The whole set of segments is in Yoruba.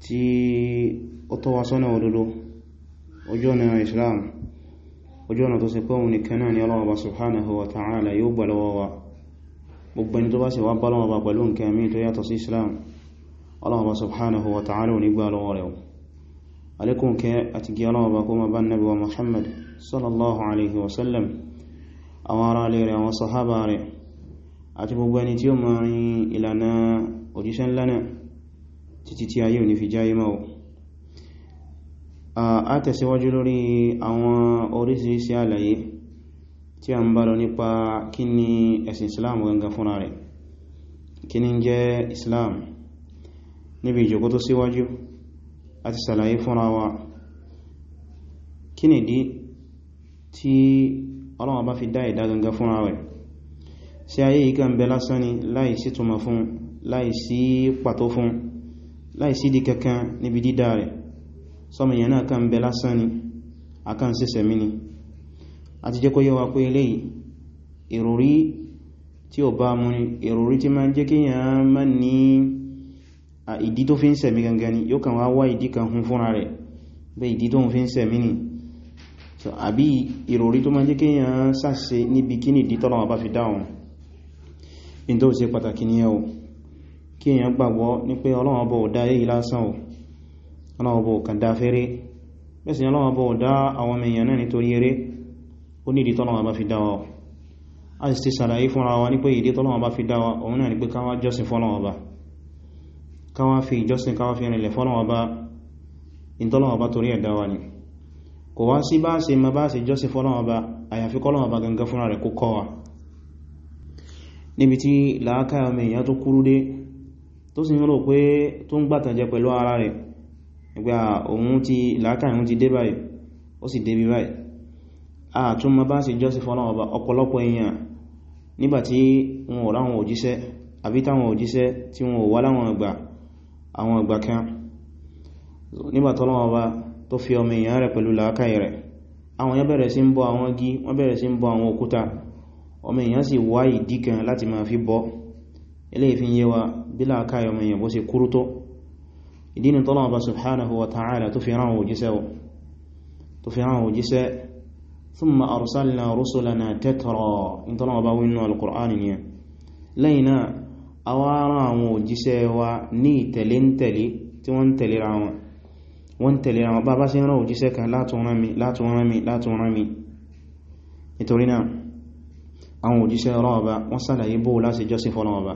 tí ó tọ́ wa sọ́nà òdodo ojú ọ̀nà Islam ojú ọ̀nà tó ṣe pé òun nìkan náà ni Ọlọ́run Ọba subhanahu wa ta'ala yóò gbà lọ́wọ́ wa gbogbo ẹni tó bá sì wá bá Ọlọ́run Ọba pẹ̀lú nǹkan mí tó yàtọ̀ sí Islam Ọlọ́run Ọba subhanahu títí tí ayé ò ní fi jáyé mọ́ a tẹ̀síwájú lórí àwọn oríṣiríṣi àlàyé tí a ń bá lọ nípa kí ni ẹ̀sìn islam gangan fúnra rẹ̀ kí ni jẹ́ islam níbi ìjòkó tó síwájú àti sàlàyé fúnra wa kí ni dí tí ọlọ́wọ́ bá fi dá ìdá gangan fúnra rẹ̀ sí ayé yìí kan bẹ lásán ni láì túnmọ̀ fún láì pàtó fún láìsídìí kankan níbi dídá rẹ̀ sọmọ̀yàn náà kan bẹ lásán ni a kan sẹsẹ̀ mí ni a ti jẹ́ kó yẹ wa pé eléyìí ìròrí tí ó bá mú ní ìròrí tí máa jẹ́ kíyàn má ní ìdí tó fi ń sẹ̀mí gangan ni yóò kàn wá wá ìdí kan hun fúnra rẹ̀ ni àbí ìròrí tó máa jẹ́ kíyàn sàṣe níbi kí èyàn gbàgbọ́ ní pé Ọlọ́run ọba ò dá èyí lásán ò Ọlọ́run ọba ò kàn dá fẹ́rẹ́ bẹ́sìn Ọlọ́run ọba ò dá àwọn ọmọ èèyàn náà nítorí eré ó ní ìdí tọ́lọ́run ọba fi dá wa a sì fi dá wa fi ìjọsìn káwá fi rìnlẹ̀ fọ́lọ́run ọba ìtọ́lọ́run ọba torí ni kò wá sí bá ṣe ma bá ṣe jọ́sìn fọ́lọ́run ọba àyàfi kọ́lọ́run ọba gangan fúnra rẹ̀ kó níbi tí làákàyà ọmọ èèyàn tó kúrú dé tó sì ń rò pé tó ń gbàtànjẹ pẹ̀lú ara rẹ̀ ẹgbẹ́ òun ti làákàí òun ti dé báyìí ó sì débi báyìí àtúnmọ́ bá sì jọ́sí fọ́lọ́wọ́ bá ọ̀pọ̀lọpọ̀ èèyàn nígbàtí wọn ò ráwọn òjíṣẹ́ àbí táwọn òjíṣẹ́ tí wọn ò wá láwọn àgbà àwọn àgbà kan nígbàtọ́lọ́wọ́ bá tó fi ọmọ èèyàn rẹ̀ pẹ̀lú làákàí rẹ̀ àwọn èèyàn bẹ̀rẹ̀ sí ń bọ àwọn igi wọ́n bẹ̀rẹ̀ sí ń bọ àwọn òkúta ọmọ èèyàn sì wá ìdí kan láti máa fi bọ́ eléyìí fi yé wa bílá káyọ mẹ́yẹ bó ṣe kúrú tó ìdínú tọ́lọ́wọ́ bá subhanahu wa ta'ala tó fi ránwò jíṣẹ́ wa tó fi ránwò jíṣẹ́ thumma arsalna rusulana tatra in tọ́lọ́wọ́ bá wínú alkùránì ni lẹ́yìn náà a wá rán àwọn òjíṣẹ́ wa ní ìtẹ̀lé ń tẹ̀lé tí wọ́n ń tẹ̀lé ra wọ́n tẹ̀lé ra bá bá ṣe rán òjíṣẹ́ kan látún rán mi náà àwọn òjíṣẹ́ ọlọ́ọ̀bá wọ́n sàlàyé bóò láti jọ́sí fọ́lọ́ọ̀bá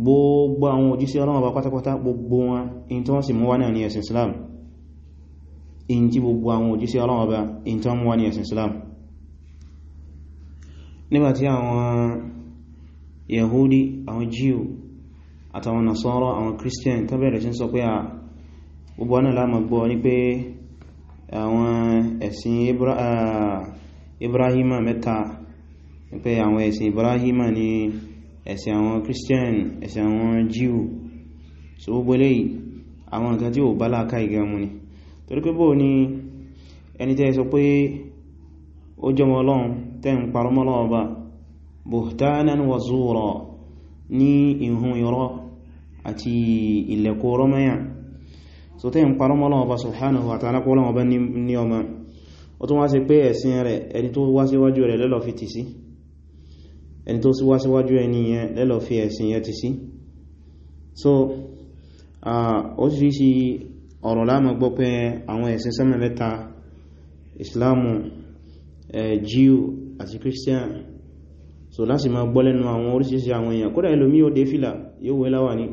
gbogbo àwọn òjíṣẹ́ Ọlọ́run bá pátápátá gbogbo wọn in tó wọ́n sì mú wá náà ní ẹ̀sìn Islam in tí gbogbo àwọn òjíṣẹ́ Ọlọ́run bá in tó mú wá ní ẹ̀sìn Yahudi àwọn Jíù àtàwọn Nasara àwọn Christian tó bẹ̀rẹ̀ sí sọ pé gbogbo náà láàmà gbọ́ ní pé àwọn ẹ̀sìn Ibrahima mẹ́ta pé àwọn ẹ̀sìn Ibrahima ni ẹ̀sìn àwọn christian ẹ̀sìn àwọn jew so gbogbo eléyìí àwọn nǹkan tí ó bá láàká ìgbà mú ni torí pé bó ní ẹni tẹ́ sọ pé ó jọmọ ọlọ́run tẹ́ ń parọ́ mọ́ Ọlọ́run Ọba buhtanan wa zura ní ìhun irọ́ àti ilẹ̀kọ́ rọ́mẹ́yà so ẹni tó síwá síwájú ẹni yẹn lẹ́lọ fi ẹ̀sìn yẹn ti sí so oríṣiríṣi ọ̀rọ̀ láàmà gbọ́ pé àwọn ẹ̀sìn sánmà mẹ́ta islamu jew àti christian so láti máa gbọ́ lẹ́nu àwọn oríṣiríṣi àwọn èèyàn kódà ẹlòmí ó dé fìlà yóò wé láwà ní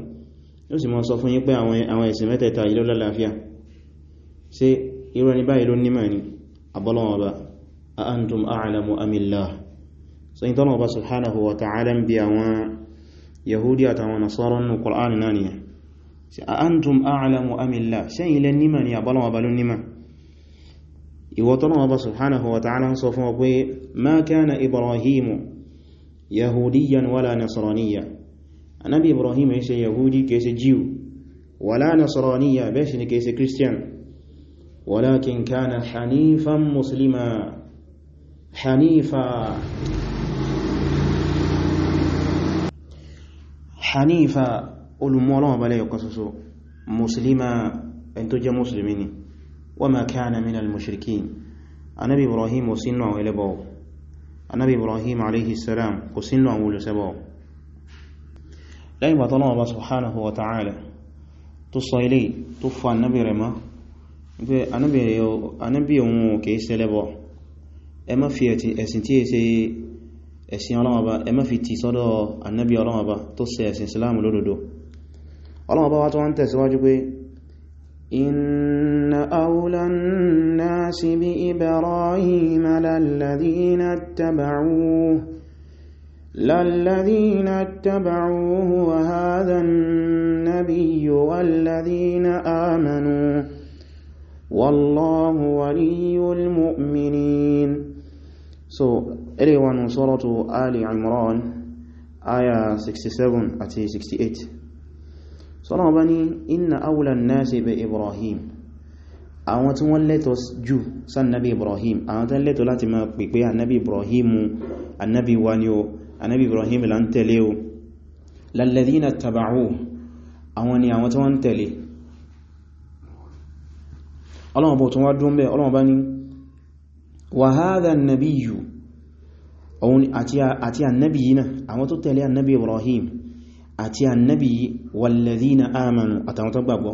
yóò sì máa sọ fún yín pé àwọn ẹ̀sìn mẹ́tẹ̀ẹ̀ta yìí ló lálàáfíà ṣé irú ẹni báyìí ló nímọ̀ ni àbọ́lọ́wọ́ ọba antum a'lamu amillah so in tọ́nà ọba subhanahu wa ta'ala ń bí àwọn yahudi àtàwọn nasarar nù Qur'an náà ni ṣe a an tún a'alamu amilla ṣẹ́yìn ilẹ̀ níma ni àbálọ̀ àbálọ̀ níma ìwọ tọ́nà ọba subhanahu ni kìí ṣe christian walakin kana hanifan hanifa olùmọ́lọ́wọ́ balẹ̀ ọkọ̀ soso musulima ẹni tó jẹ́ musulmi ni wa ma kana min al-mushrikin anabi ibrahim kò sínú àwọn ẹlẹ́bọ̀ anabi ibrahim alayhi salam kò sínú àwọn olùsẹ́bọ̀ lẹ́yìn bàtọ́lọ́wọ́ bá subhanahu wa ta'ala tó sọ ilé tó fa anabi rẹ̀ mọ́ ẹ̀sìn ọlọ́mọba bá ẹ má fi ti sọ́dọ̀ annabi ọlọ́mọba tó ṣe ẹ̀sìn islam lódodo ọlọ́mọba wá tó wọ́n tẹ̀síwájú pé iná awla an-nasi bi ibrahim lalladhina ittaba'uhu lalladhina ittaba'uhu so ẹlẹ́ wọn suratu Ali Imran aya 67 àti 68 sọ́lọ́wọ́ bá ní inna awla an-nasi bi Ibrahim àwọn tí wọ́n lẹ́tọ̀ jù sánàbí Ibrahim àwọn tí wọ́n lẹ́tọ̀ láti máa pèpé annabi Ibrahim annabi wani o annabi Ibrahim là ń tẹ̀lé o lalladhina taba'uhu àwọn ni àwọn tí wọ́n tẹ̀lé ọlọ́wọ́ bọ̀ tún wá dún ọlọ́wọ́ bá ní wa hadha an òun àti annabi yìí náà àwọn tó tẹ̀lé annabi ibrahim àti annabi walladhina amanu àtàwọn tó gbàgbọ́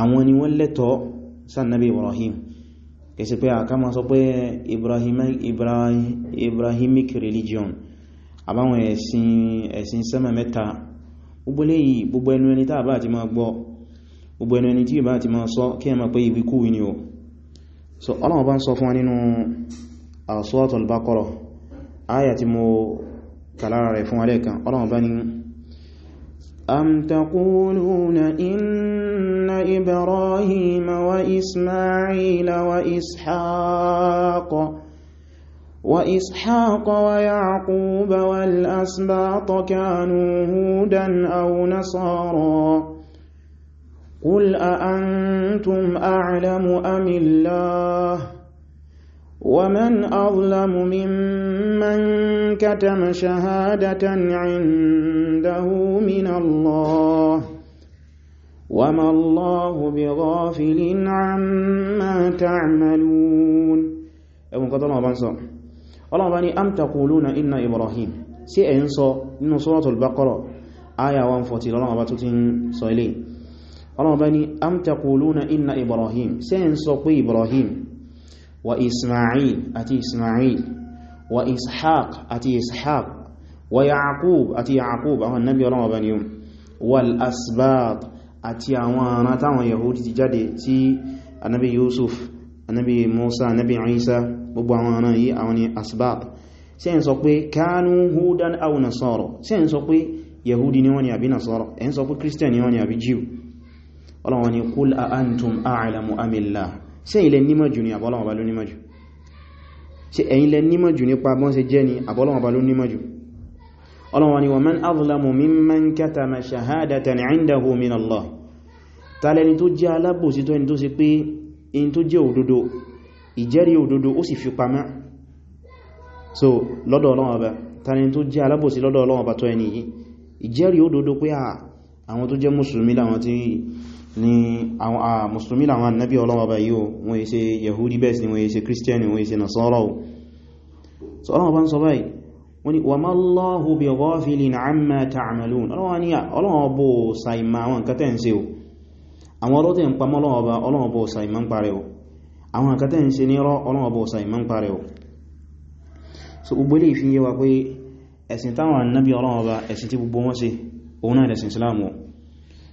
àwọn ni wọ́n lẹ́tọ̀ọ́ sannabi ibrahim kẹsí pé àká ma sọ pé ibrahimic religion àbáwọn ẹ̀sìn sẹ́mà mẹ́ta gbogbo léyìí gbogbo ẹnu ẹni tàbá àti gbogbo ẹni tí ìbá àti ma ma pé so ọlọ́wọ́ bá ń àṣọ́tọ̀ Baqara ayàtí mo kàlára rẹ̀ fún alẹ́kan ọlọ́run bá ní am taquluna inna ibrahima wa isma'ila wa ishaqa wa ishaqa wa yaquba wal asbata kanu hudan aw nasara قل أأنتم أعلم أم الله ومن أظلم ممن كتم شهادة عنده من الله وما الله بغافل عما تعملون أبو قدر الله بانسا الله باني أم تقولون إن إبراهيم سيئنسا إن صورة البقرة آية 140 الله باتتين صيلين الله باني أم تقولون إن إبراهيم سيئنسا قوي إبراهيم وإسماعيل أتي إسماعيل وإسحاق أتي إسحاق ويعقوب أتي يعقوب أو النبي الله بن يوم والأسباط أتي أوانا تاوان يهودي تجادي تي النبي يوسف النبي موسى النبي عيسى gbogbo àwọn ọ̀nà yìí àwọn ni asbab ṣé ń sọ pé kánú húdán aw nasara ṣé ń sọ pé yahudi ni wọ́n ni àbí nasara ẹ̀ ń sọ pé christian ni wọ́n ni àbí jew ọlọ́wọ́n ni kúl a antum a'lamu amillah ṣé ilẹ̀ nímọ̀ jù ní àbọ́lọ́wọ́ bá ló nímọ̀ jù ṣé ẹ̀yin lẹ nímọ̀ jù nípa bọ́n ṣe jẹ́ ni àbọ́lọ́wọ́ bá ló nímọ̀ jù ọlọ́wọ́ ni wa man azlamu mimman katama shahadatan indahu min Allah tàlẹni tó jẹ́ alábòsí tó ẹni tó ṣe pé in tó jẹ́ òdodo ìjẹ́rí òdodo ó sì fi pamá so lọ́dọ̀ Ọlọ́run Ọba tàlẹni tó jẹ́ alábòsí lọ́dọ̀ Ọlọ́run Ọba tó ẹni yìí ìjẹ́rí òdodo pé àwọn tó jẹ́ mùsùlùmí láwọn tí ni àwọn a ah, musulmi àwọn annabi ọlọ́wọ́ bá yíò wọ́n yí ṣe yahudi bẹ́ẹ̀ ni wọ́n yí ṣe christian wọ́n yí ṣe nasọ́rọ̀ so ọlọ́wọ́ bá ń sọ báyìí wọ́n ni wama Allahu bi ghafilin amma ta'malun ọlọ́wọ́ bó sàìmà àwọn nǹkan tẹ́ ń ṣe o àwọn ọlọ́tẹ̀ ń pamọ́ ọlọ́wọ́ bó sàìmà ń parẹ́ o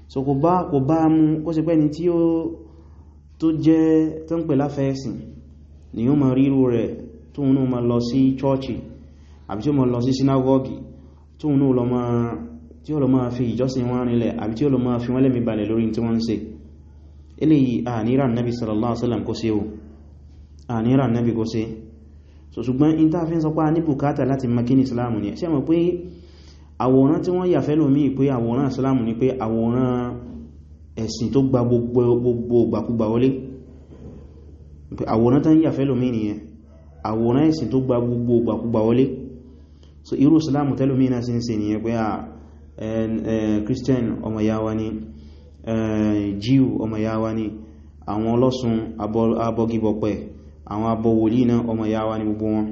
so kò bá kò bá mú kó ṣe pé ni tí ó tó jẹ́ tó ń pè láfẹ́ẹ̀sìn ni yóò máa ríru rẹ̀ tóun náà máa lọ sí chọ́ọ̀chì àbí tí ó máa lọ sí sínágọ́gì tóun náà lọ máa tí ó lọ máa fi ìjọsìn wọ́n lẹ́mí nabi sallallahu alaihi wasallam o àníra nabi kó ṣe so ṣùgbọ́n in ta fi ń ni ṣe mọ̀ pé àwòrán tí wọ́n yà fẹ́lò míì pé àwòrán islam ni pé àwòrán ẹ̀sìn tó gba gbogbo gbàkúgbà wọlé àwòrán tán yà fẹ́lò míì nìyẹn àwòrán ẹ̀sìn tó gba gbogbo gbàkúgbà wọlé so irú islam tẹ́lò míì náà sí ń ṣe nìyẹn pé christian ọmọ jew ọmọ ya wa ni àwọn ọlọ́sùn abọ́gibọ̀pẹ̀ àwọn abọ̀wòlí náà ọmọ gbogbo wọn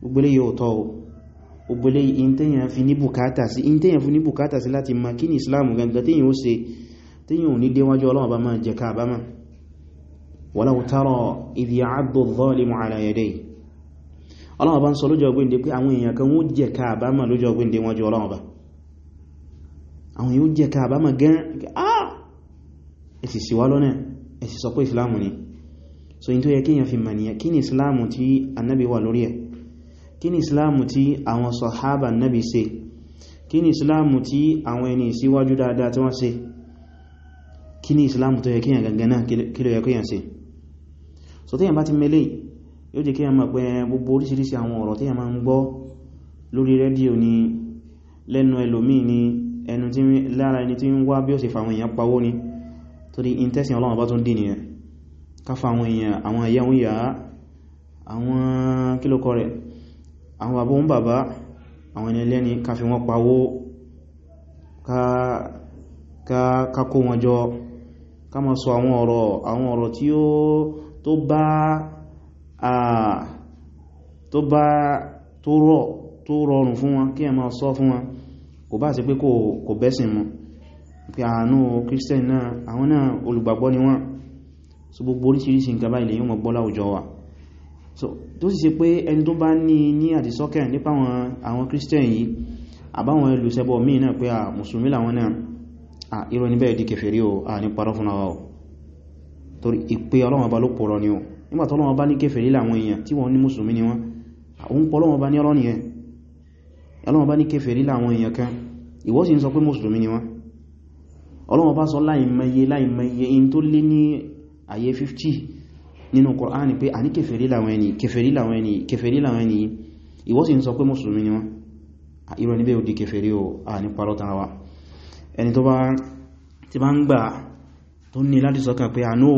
gbogbo lè yóò tọ́ ogbele intayen fi ní bùkátà sí intayen fi ní bùkátà sí láti ma kí ní islam gangan tí yíó ṣe tí yíó ní déwájú ọlọ́wọ́ bá máa jẹ káàbá máa walau tara idh ya'addu adh-dhalimu ala yadayhi ọlọ́wọ́ bá ń sọ lójọ́ ọgbẹ́ndé pé àwọn èèyàn kan wó jẹ káàbá máa ah! so in tó yẹ kíyàn fi mọ̀ nìyàn kí ni islam tí kí ni islamu tí àwọn sọ̀hábà nábi ṣe kí ni islamu tí àwọn ẹni síwájú dáadáa tí wọ́n ṣe kí ni islamu tó yẹ kíyàn gangan náà kí ló yẹ kíyàn ṣe so tíyàn bá ti mẹ́lẹ̀ yóò jẹ́ kíyàn máa pẹ gbogbo oríṣiríṣi àwọn ọ̀rọ̀ tíyàn máa ń gbọ́ lórí rédíò ni lẹ́nu ẹlòmíì ni ẹnu tí lára ẹni tí ń wá bí ó ṣe fàwọn ni torí intẹ́sìn ọlọ́run bá tún dì àwọn ẹ̀yẹ́ rẹ̀ àwọn bàbá òun bàbá àwọn ẹni ẹlẹ́ni ká fi wọ́n pawó ká kó wọn jọ ká má sọ àwọn ọ̀rọ̀ àwọn ọ̀rọ̀ tí ó tó bá tó bá tó rọ̀ tó rọrùn fún wọn kí ẹ má sọ fún wọn kò bá ṣe pé kò bẹ́sìn mu pé àánú kírísítẹ̀n náà àwọn náà olùgbàgbọ́ ni wọ́n so gbogbo oríṣiríṣi nǹkan báyìí lè yíò mọ̀ gbọ́lá òjò wa tó sì ṣe pé ẹni tó bá ní ní àdìsọ́kẹ̀ nípa àwọn christian yìí àbáwọn ẹlùsẹ́bọ̀ míì náà pé à mùsùlùmí làwọn náà à irọ́ níbẹ̀ di kèfèrí o à ní parọ́ fún àwọ̀ torí ìpé ọlọ́wọ́n bá ló pọ̀rọ̀ ni o nígbà tó ọlọ́wọ́n bá ní kèfèrí làwọn èèyàn tí wọ́n ní mùsùlùmí ni wọ́n àwọn pọ̀ ọlọ́wọ́n bá ní ọlọ́ nìyẹn ọlọ́wọ́n bá ní kèfèrí làwọn èèyàn kan ìwọ sì ń sọ pé mùsùlùmí ni wọ́n ọlọ́wọ́n bá sọ láìmọye láìmọye in tó lé ní àyè 50 nínú Kùránì pé a ní kèfèrí làwọn ẹni kèfèrí làwọn ẹni kèfèrí làwọn ẹni ìwọ ń sọ pé mùsùlùmí ni wọ́n irọ́ níbẹ̀ ò di kèfèrí o a ní parọ́ tara wa ẹni tó bá ti bá ń gbà tó ní láti sọ́kàn pé àánú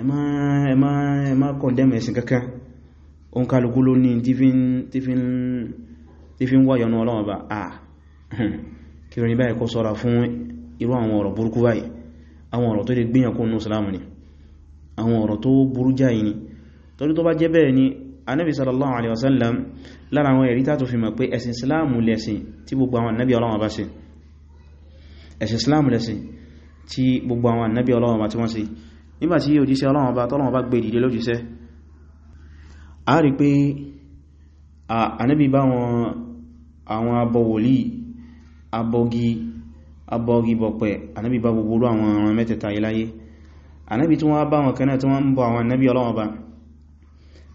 ẹmá kọ̀ndẹ́mù ẹ̀sìn kankan o ń kálukú ló ní tí fi ń wáyọ̀ náà ọlọ́wọ́ bá a kí orin báyìí kó sọ́ra fún irú àwọn ọ̀rọ̀ ni àwọn ọ̀rọ̀ tó burú jáì ni torí tó bá jẹ́ bẹ́ẹ̀ ni anábi sallallahu alaihi wasallam lára àwọn ẹ̀rí tàtò fi mọ̀ pé ẹ̀sìn islamu lẹ́sìn tí gbogbo àwọn annabi ọlọ́wọ́ bá ṣe ẹ̀sìn islamu lẹ́sìn tí gbogbo àwọn annabi ọlọ́wọ́ bá tí wọ́n ṣe nígbàtí òjíṣẹ́ ọlọ́wọ́ bá tọ́lọ́wọ́ bá gbé ìdílé lójíṣẹ́ a rí pé anábi anábi tí wọ́n bá wọn kanáà tí wọ́n ń bọ àwọn anábi ọlọ́wọ́ bá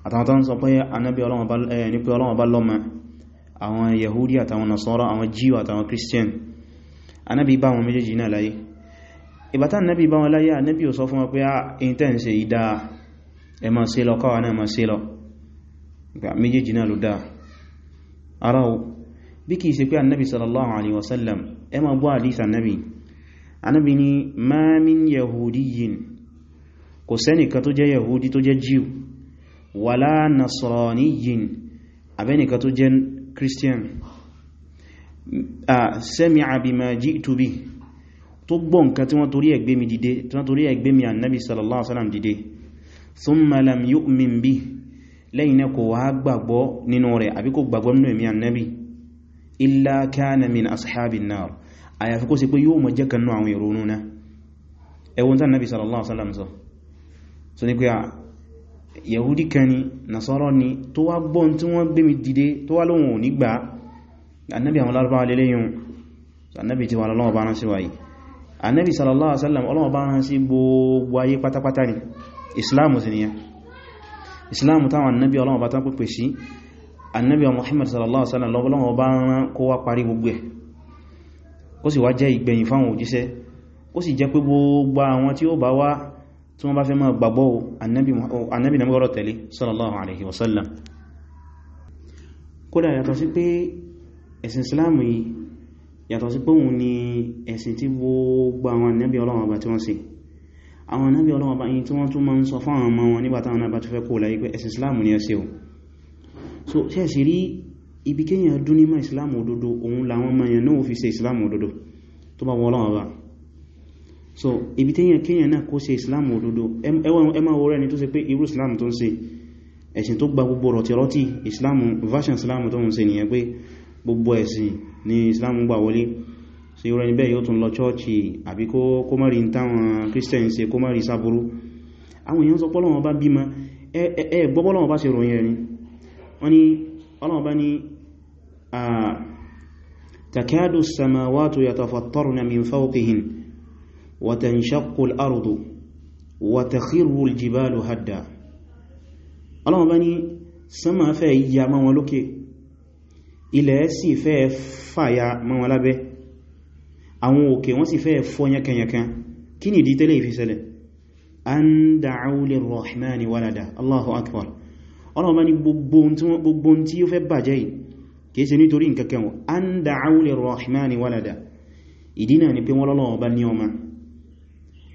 àtàwọn tán sọ pé anábi ọlọ́wọ́ bá ní pé ọlọ́wọ́ bá lọ́mọ àwọn yahudi àtàwọn nasọ́rọ̀ àwọn jíò àtàwọn christian anábi bá wọn méjèèjì náà láyé ìbátá anábi bá wọn láyé anábi ò sọ fún wọn pé a intan se ìdá ẹ ma se lọ káwa náà ma se lọ méjèèjì náà ló dáa ara o bí kìí ṣe pé anábi sallallahu alaihi wasallam ẹ ma bọ́ àdísà anábi anábi ni ma min yahudiyin kò sẹ́nìkan tó jẹ́ yahudi tó jẹ́ jew wala nasraniyin abẹ́nìkan tó jẹ́ christian sami'a bima ji'tu bi tó gbọ́ nǹkan tí wọ́n torí ẹgbẹ́ mi dìde tí wọ́n torí ẹgbẹ́ mi annabi sallallahu alaihi wasallam dìde ẹwọ́n tán nabi sallallahu alaihi wasallam sọ so ní pé à yẹ̀húdí kan ni nasọ́rọ̀ ni tó wá gbọ́n tí wọ́n gbé mi dìde tó wá lóhun ò nígbà annabi àwọn lárúbáwá lélẹ́yìn annabi ti wà lọ́wọ́ bá rán sí wáyìí annabi sallallahu alaihi wasallam ọlọ́wọ́ bá rán sí gbogbo ayé pátápátá ni islamu sí niyà islamu táwọn annabi ọlọ́wọ́ bá tán pípẹ̀ sí annabi muhammad sallallahu alaihi wasallam lọ́wọ́ bá rán kó wá parí gbogbo ẹ̀ ó sì wá jẹ́ ìgbẹ̀yìn fáwọn òjíṣẹ́ ó sì jẹ́ pé gbogbo àwọn tí ó bá wá tí wọ́n bá fẹ́ máa gbàgbọ́ annabi na mọ́rọ̀ tẹ̀lé sallallahu alaihi wasallam kódà yàtọ̀ sí pé ẹ̀sìn islam yìí yàtọ̀ sí pé òun ni ẹ̀sìn tí gbogbo àwọn annabi ọlọ́wọ́ bá tí wọ́n ṣe àwọn annabi ọlọ́wọ́ bá so ṣẹ́ẹ̀sì rí ibi kéèyàn dún ní mọ́ islam òdodo òun làwọn mọ̀ yẹn náà fi so ibi tẹ́yàn kíyàn náà kó ṣe islam òdodo ẹ máa wọ́rẹ́ ni tó ṣe pé irú islam tó ń ẹ̀sìn tó gba gbogbo rọ̀tírọ́tì islam version islam tó ń ṣe nìyẹn pé gbogbo ẹ̀sìn ni islam gbà wọlé so irú ẹni bẹ́ẹ̀ yóò tún lọ chọ́ọ̀chì àbí kó mọ́rí táwọn christian ṣe kó mọ́rí sáburú min fawqihin وتنشق الأرض وتخر الجبال هدا اللهم بني سما في يا ya ma wọn lókè ilẹ̀ sì fẹ́ fàya ma wọn lábẹ́ àwọn òkè wọ́n sì fẹ́ fọ́ yankanyankan kí ni ìdí tẹ́lẹ̀ ìfisẹ́lẹ̀ an da'u lirrahmani walada Allahu akbar ọlọ́wọ́ bá ní gbogbo tí ó fẹ́ bàjẹ́ yìí kìí ṣe nítorí nǹkankan an da'u lirrahmani walada ìdí ni pé wọ́n lọ́lọ́wọ́ bá ní ọmọ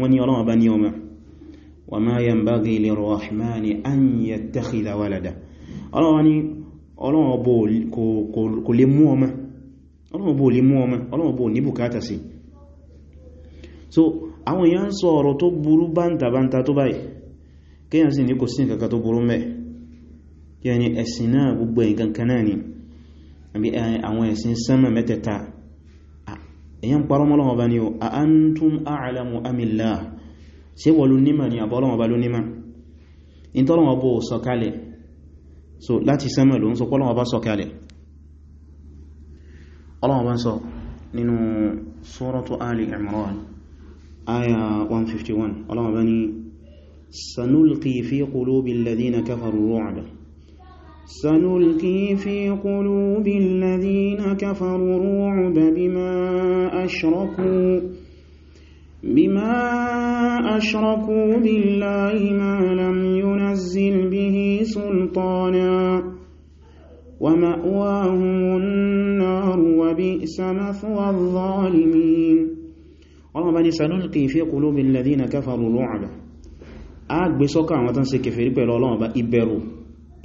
wọ́n ní ọlọ́wọ́ bá ní ọmọ wa ma yanbaghi lirrahmani an yattakhidha walada ọlọ́wọ́ ní ọlọ́wọ́ bó kò lè mú ọmọ ọlọ́wọ́ bó lè mú ọmọ ọlọ́wọ́ bó ní bùkátà sí àwọn ẹ̀sìn sánmà mẹ́tẹ̀ta èyàn parọ́ mọ́ Ọlọ́run Ọba ni o a antum a'lamu amillah ṣe wọ́n ló nímà ní àbọ́ Ọlọ́run Ọba ló in tọ́lọ́run Ọba ò so láti sẹ́mẹ̀ ló ń sọ pọ́lọ́run Ọba sọ̀kalẹ̀ Ọlọ́run Ọba sọ nínú suratu Ali Imran aya 151 Ọlọ́run Ọba ni sanulqi fi qulubi alladhina سنلقي في قلوب الذين كفروا الرعب بما أشركوا بما أشركوا بالله ما لم ينزل به سلطانا ومأواهم النار وبئس مثوى الظالمين ربنا سنلقي في قلوب الذين كفروا الرعب أكبسوك عمتان سكفر بلولان بإبرو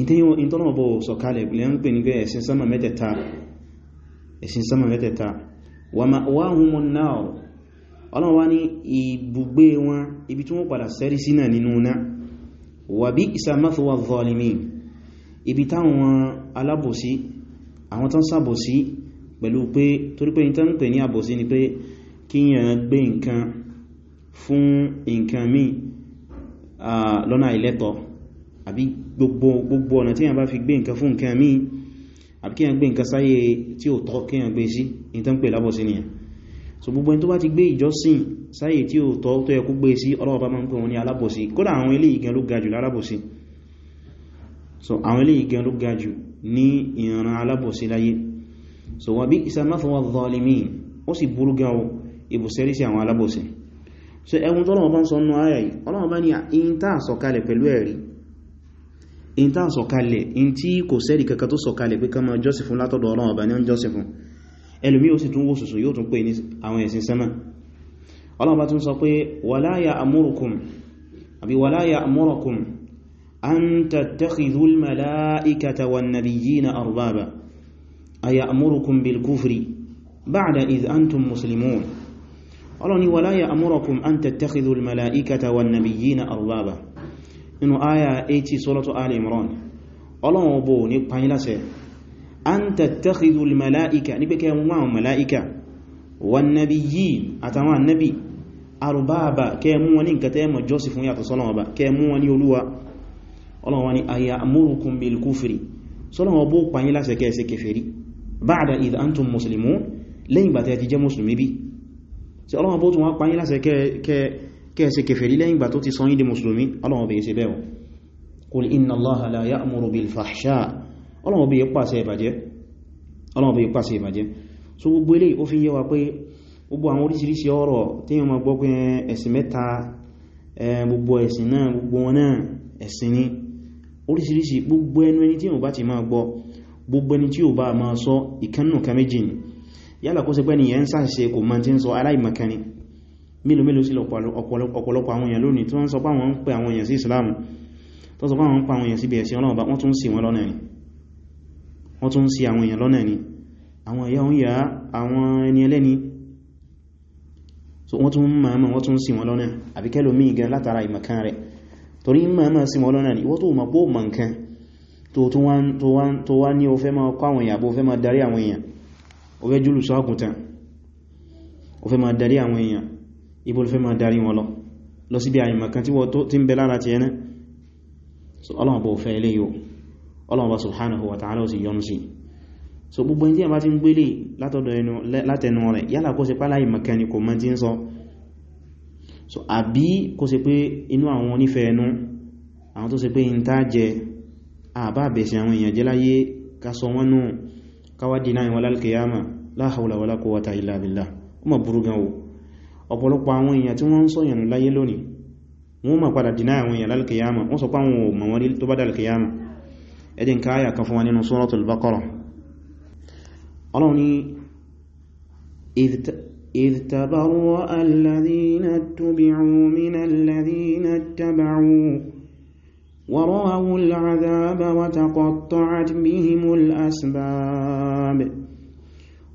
ìtọ́nàbọ̀ sọ̀kalẹ̀ ilẹ̀ ń pè ní ẹ̀sìn sánmà mẹ́tẹ̀ta ẹ̀sìn sánmà mẹ́tẹ̀ta wà máa hún mọ́ náà ọlọ́wà ní ibùgbé wọn ibi tí wọ́n padà sẹ́rí sínà nínú náà wà bí ìsàmáfíwà zọlìmí ibi táwọn alábòsí àwọn tán sàbòsí pẹ̀lú ni pé kíyàn gbé nǹkan fún nǹkan míì lọ́nà àbí gbogbo gbogbo ọ̀nà tí yàn bá fi gbé nǹkan fún nǹkan míì àbí kí yàn gbé nǹkan sáyé tí ò tọ́ kí yàn gbé sí ní tán pè lábọ̀ sí ni so gbogbo ẹni tó bá ti gbé ìjọsìn sáyé tí ò tọ́ tó yẹ kó gbé sí Ọlọ́run bá máa ń pè wọn ní alábòsí so àwọn eléyìí gan ló ga jù ní so wà bí isa mafawa zalimin ó sì burú gan o ibùsẹ́rí so ẹwùn tọ́lọ́wọ́ bá ń sọ nú ayà yìí Ọlọ́run bá in ta sọ̀kalẹ̀ in tí kò sẹ́rì kankan tó sọ̀kalẹ̀ pé kama jọ́sìn fún látọ̀dọ̀ Ọlọ́run ọba ní ọ́n jọ́sìn fún ẹlòmí ó sì tún wó sùsù yóò tún pè ní àwọn ẹ̀sìn sẹ́mà Ọlọ́run bá tún sọ pé wala ya'murukum àbí wala ya'murukum an tattakhidhul malaikata wan nabiyyina arbaba aya'murukum nínú àyà 80 sọ́lọ́tọ̀ al-imran ọlọ́run ọbọ̀ ní pàyín lásẹ̀ an tattakhidhu al-mala'ika ní pé kẹwọn àwọn mala'ika wan nabiyyin àtàwọn annabi arbaba kẹmú wọn ní nǹkan tẹ́ mọ̀ jọ́sì fún yàtọ̀ sọ́lọ́run ọba kẹmú wọn ní olúwa ọlọ́run wọn ni ayamurukum bil kufri sọ́lọ́run ọbọ̀ pàyín lásẹ̀ kẹsẹ̀ kẹfẹ̀rí ba'da idh antum kẹ́ẹ̀sẹ̀ kèfèrí lẹ́yìn gbà tó ti sọ́yìn di musulmi ọlọ́wọ́ bèé ṣe bẹ́ẹ̀ kul inna allaha la ya'muru bil fahsha ọlọ́wọ́ bèé pàṣẹ ìbàjẹ́ so gbogbo ilé ó fi yé wa pé gbogbo àwọn oríṣiríṣi ọ̀rọ̀ tí yíò ma gbọ́ pé ẹ̀sìn mẹ́ta gbogbo ẹ̀sìn náà gbogbo wọn náà ẹ̀sìn ni oríṣiríṣi gbogbo ẹnu ẹni tí yíò bá ti sọ ìkánnù kan ni yálà kó ṣe pé nìyẹn ń ṣàṣìṣe kò máa ti ń sọ aláìmọ̀kan mélòó mélòó sí ọ̀pọ̀lọpọ̀ àwọn èèyàn lónìí tí wọ́n sọ pé àwọn ń pè àwọn èèyàn sí Islam tó sọ pé àwọn ń pa àwọn èèyàn sí bẹ̀ẹ̀sì ọlọ́ọ̀bá wọ́n tún sí wọn lọ́nà ni wọ́n tún sí àwọn èèyàn lọ́nà ni àwọn ẹ̀yà ń yà àwọn ẹni ẹlẹ́ni wọ́n tún mọ̀ọ́mọ̀ wọ́n tún sí wọn lọ́nà àbí kẹ́lòmí gan látara ìmọ̀kan rẹ̀ torí mọ̀ọ́mọ̀ sí wọn lọ́nà ni ìwọ́n tó mọ̀ pó mọ̀ nǹkan tó wá ní o fẹ́ máa kọ́ àwọn èèyàn àbó fẹ́ máa darí àwọn èèyàn o fẹ́ jùlù sọ́ọ̀kùntàn o fẹ́ máa darí àwọn èèyàn ibo ló fẹ́ máa darí wọn lọ lọ síbi àìmọ̀kan tí wọ́n tí ń bẹ lára ti ẹ̀nà so ọlọ́run bó fẹ́ ilé yóò ọlọ́run bá subhanahu wa ta'ala ó sì yọ́nú sí so gbogbo ẹni tí a bá ti ń gbélé látẹnu rẹ̀ yálà kó ṣe pé aláìmọ̀kan ni kò mọ̀ tí ń sọ so àbí kó ṣe pé inú àwọn onífẹ́ ẹnu àwọn tó ṣe pé in tá jẹ àbá àbẹ̀sẹ̀ àwọn èèyàn jẹ́ láyé ká sọ wọn nù káwàdì náà ìwọ̀n lálkìyàmà la hawla wala quwwata illa ó mọ̀ burú gan o ọ̀pọ̀lọpọ̀ àwọn èèyàn tí wọ́n ń sọ sọ̀yàn láyé lónìí wọ́n ma padà dìná àwọn èèyàn lálkìyàmà wọ́n sọ páwọn ò mọ̀ tó bá dálkìyàmà ẹdín káyà kan fún wa nínú suratul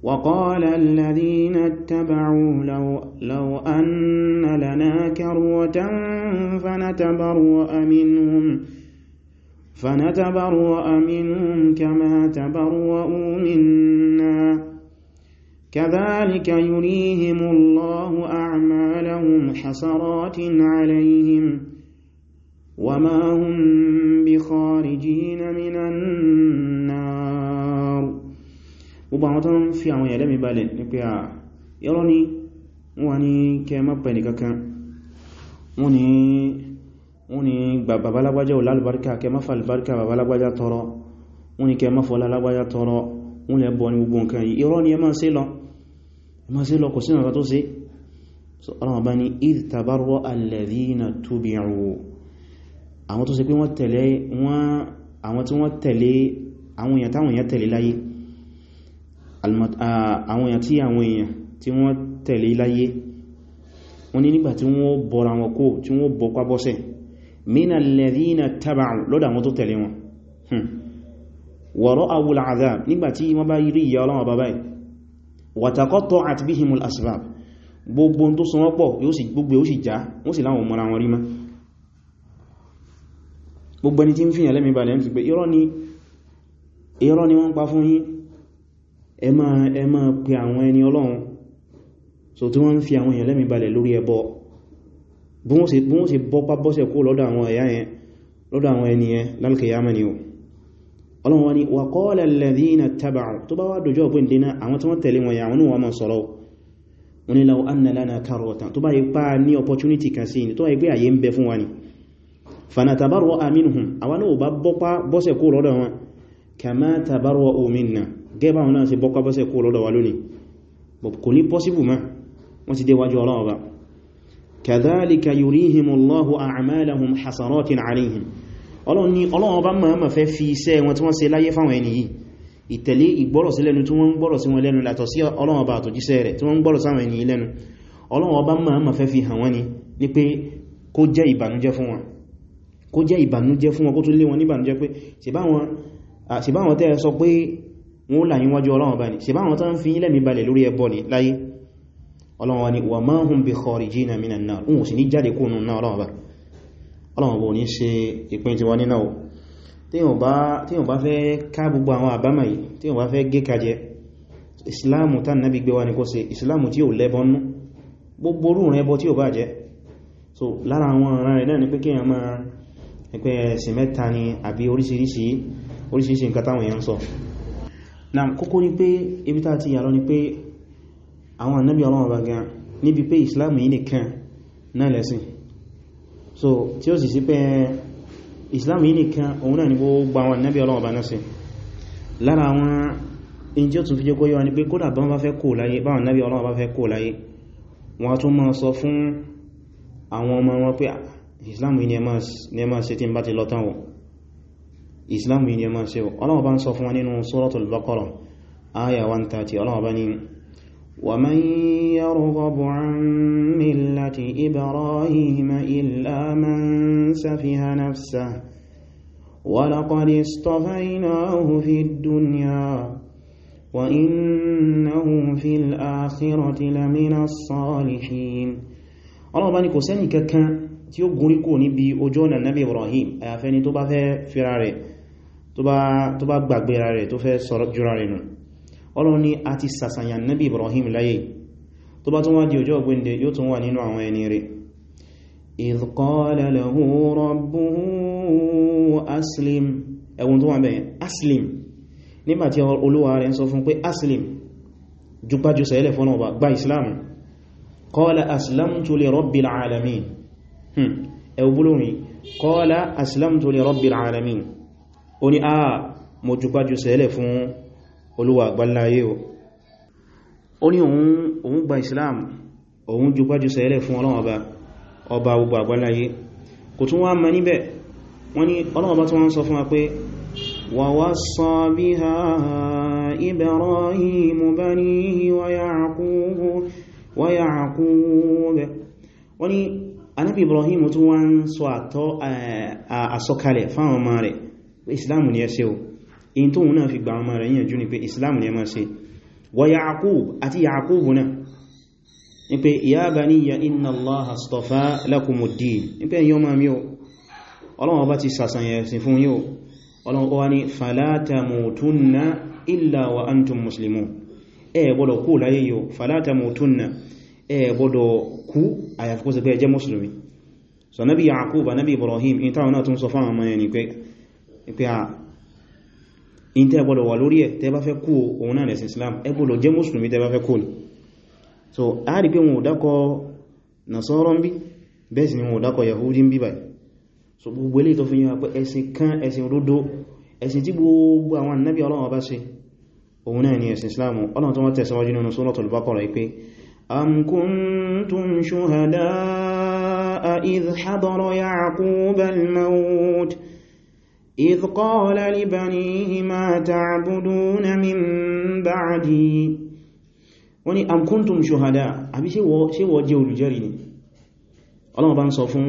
وقال الذين اتبعوا لو, لو أن لنا كروة فنتبرأ منهم فنتبرأ منهم كما تبرؤوا منا كذلك يريهم الله أعمالهم حسرات عليهم وما هم بخارجين من النار gbogbo àwọn tó ń fi àwọn ẹ̀lẹ́mì balẹ̀ ní pé à yọ́rọ́ ni wọ́n ni kẹ mọ́pẹ̀ nìkankan wọ́n ni gba babalágbájá ò lálùbáríkà kẹ mọ́fà lùbáríkà babalágbájá tọrọ wọ́n ni kẹ mọ́fà lálùbáríkà tọrọ wọ́n lẹ bọ́ ní gbogbo nǹkan yìí irọ́ ni ẹ máa ṣe lọ ẹ máa ṣe lọ kò sí nǹkan tó ṣe ọlọ́wọ́n bá ní idh tabarra alladhina tubi'u àwọn èèyàn tí àwọn èèyàn tí wọ́n tẹ̀lé láyé wọ́n ní nígbà tí wọ́n bọ́ra wọn kó tí wọ́n bọ́ pábọ́sẹ̀ mina alladhina taba'u lọ́dà wọn tó tẹ̀lé wọn hmm. wa ra'awu al'adhab nígbà tí wọ́n bá rí ìyà ọlọ́wọ́ bàbá ẹ̀ wa taqatta'at bihimul asbab gbogbo tó sọ wọ́pọ̀ gbogbo yóò sì já wọ́n sì ẹ máa ẹ máa pe àwọn ẹni ọlọ́run so tí wọ́n ń fi àwọn èèyàn lẹ́mìí balẹ̀ lórí ẹbọ bí wọ́n ṣe bí wọ́n ṣe bọ́pá bọ́sẹ̀ kó lọ́dọ̀ àwọn ẹ̀yà yẹn lọ́dọ̀ àwọn ẹni yẹn lálùkìyàmà ni o ọlọ́run wa ni wa qala alladhina ittaba'u tó bá wá dòjọ́ òpin dínà àwọn tí wọ́n tẹ̀lé wọn yà àwọn níwọ̀n máa sọ̀rọ̀ wọn ni law fanatabarwa minhum àwọn náà bá bọ́pá bọ́sẹ̀ kó lọ́dọ̀ wọn kama tabarwa minna gẹ́bà wọn náà ṣe bọ́kọ́ bọ́sẹ̀ kó lọ́dọ̀ wa lónìí kò ní pọ́síbù máa wọ́n ti déwájú ọlọ́wọ́ bá kadhalika yurihimullahu a'malahum hasaratin alayhim ọlọ́run ni ọlọ́run bá máa fẹ́ fi iṣẹ́ wọn tí wọ́n ṣe láyé fáwọn ẹni yìí ìtẹ̀lé ìgbọ́rọ̀ sí lẹ́nu tí wọ́n ń gbọ́rọ̀ sí wọn lẹ́nu látọ̀ sí ọlọ́run bá àtòjíṣẹ́ rẹ̀ tí wọ́n ń gbọ́rọ̀ sáwọn ẹni lẹ́nu ọlọ́run bá máa fẹ́ fi hàn wọ́n láyín wájú ọlọ́wọ́ bá ní ṣe bá wọn tán fi ilẹ̀ mi balẹ̀ lórí ẹbọ ní láyé ọlọ́wọ́ ni wà máa hùn bí kharijina minan nar oun sì ní jáde kónù náà ọlọ́wọ́ bá ọlọ́wọ́ bó ní ṣe ìpín ti wọ́n nínà o tíyàn bá fẹ́ so lára àwọn ọ̀ràn rẹ̀ náà ni pé kíyàn máa ẹgbẹ́ ẹ̀sìn mẹ́ta ni àbí oríṣiríṣi oríṣiríṣi nǹkan táwọn èèyàn sọ na kókó ní pé ibi tá ti yàrọ ni pé àwọn ànábì ọlọ́wọ́ bá gan níbi pé islam yìí nìkan náà lẹ́sìn so tí ó sì sí pé islam yìí nìkan òun náà ni gbogbo àwọn ànábì ọlọ́wọ́ bá náà sí lára àwọn in tí ó tún fi jẹ́ kóyọ́ ni pé kódà bá wọn fẹ́ kó láyé báwọn ànábì ọlọ́wọ́ bá fẹ́ kó láyé wọ́n tún máa sọ fún àwọn ọmọ wọn pé ah, islam yìí ni ẹ máa ṣe tí ń bá ti lọ tán islam yìí ni ma ṣe ọlọ́wọ́ bá ń sọ fún wa nínú suratul baqara aya 130 ọlọ́wọ́ bá ní ومن يرغب عن ملة إبراهيم إلا من سفه نفسه ولقد اصطفيناه في الدنيا وإنه في الآخرة لمن الصالحين ọlọ́wọ́ bá ní kò sẹ́ni kankan tí ó gúnrí kò níbi ojú ọ̀nà nabi Ibrahim àyàfẹ́ni tó bá fẹ́ fira rẹ̀ tó bá gbàgbéra rẹ̀ tó fẹ́ sọ̀rọ̀ jura rẹ̀ nù ọlọ́run ni a ti sàsàyàn nábì Ibrahim láyé tó bá tún wá di ọjọ́ ọgbẹ́ndẹ̀ yóò tún wà nínú àwọn ẹni rẹ̀ idh qala lahu rabbuhu aslim ẹwùn tó wà bẹ̀yẹn aslim nígbàtí olúwa rẹ̀ sọ fún pé aslim jùgbájú sẹ́lẹ̀ fọ́nà ọba gba islam qala aslamtu li ó ní àà ah, mo jùpájú sẹ́lẹ̀ fún olúwa àgbáláyé o ó ní òun gba islam òun jùpájú sẹ́lẹ̀ fún ọlọ́wọ́n ọba ọba gbogbo àgbáláyé kò tún wá ma níbẹ̀ wọ́n ní ọba tí wọ́n sọ fún wa pé wa waya wọ́n sọ islam ni ẹ ṣe o in tó wọn náà fi gba ọmọ rẹ̀ yíyànjú ni pé islam ni ẹ máa ṣe wa yaqub àti yaqub náà ni pé ya baniya inna allaha astafa lakumuddin ni pé yíò máa mi o ọlọ́wọ́ bá ti sàsànyẹ̀ ẹ̀sìn fún yíò ọlọ́wọ́ wá ní fala tamutunna illa wa antum muslimun ẹ gbọ́dọ̀ kú láyé yíò fala tamutunna ẹ gbọ́dọ̀ kú ibrahim in náà tún sọ fáwọn ọmọ yẹn pé ipe a in tẹ́ gbọ́dọ̀ wà lórí ẹ̀ tẹ́ bá fẹ́ kú òun náà Islam ẹ gbọ́dọ̀ jẹ́ mùsùlùmí tẹ́ bá fẹ́ so a rí pé wọn ò dákọ nasọ́rọ̀ ń bí bẹ́ẹ̀ sì Yahudi ń bí so gbogbo eléyìí fi yíwa pé ẹ̀sìn kan ẹ̀sìn òdodo ẹ̀sìn tí gbogbo àwọn annabi Ọlọ́run bá ṣe òun náà ni ẹ̀sìn Islam tó wọ́n tẹ̀síwájú nínú pé إذ قال لبنيه ما تعبدون من بعدي وني أم كنتم شهداء أبي ṣé wọ́n jẹ́ olùjẹ́rìí ni Ọlọ́run bá ń sọ fún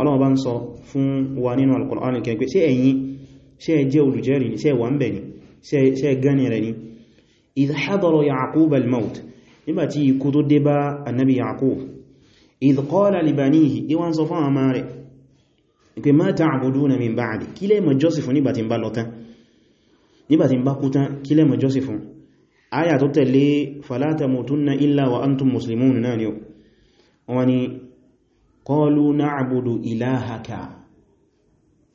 Ọlọ́run bá ń sọ fún wa nínú Al-Qur'an kẹ́ pé ṣé ẹ̀yin ṣé ẹ jẹ́ olùjẹ́rìí ni ṣé wà ń bẹ̀ ni ṣé gani rẹ̀ ni إذ حضر يعقوب الموت nígbàtí ikú tó dé bá annabi Yaqub إذ قال لبنيه ìwọ́n sọ fún àmà rẹ̀ pé ma ta'buduna min ba'di kí lẹ́ mọ̀ jọ́sìn fún nígbàtí ń bá lọ tán nígbàtí ń bá kú tán kí lẹ́ mọ̀ jọ́sìn fún aya tó tẹ̀lé fala tamutunna illa wa antum muslimun náà ni ó wọ́n ni qalu na'budu ilahaka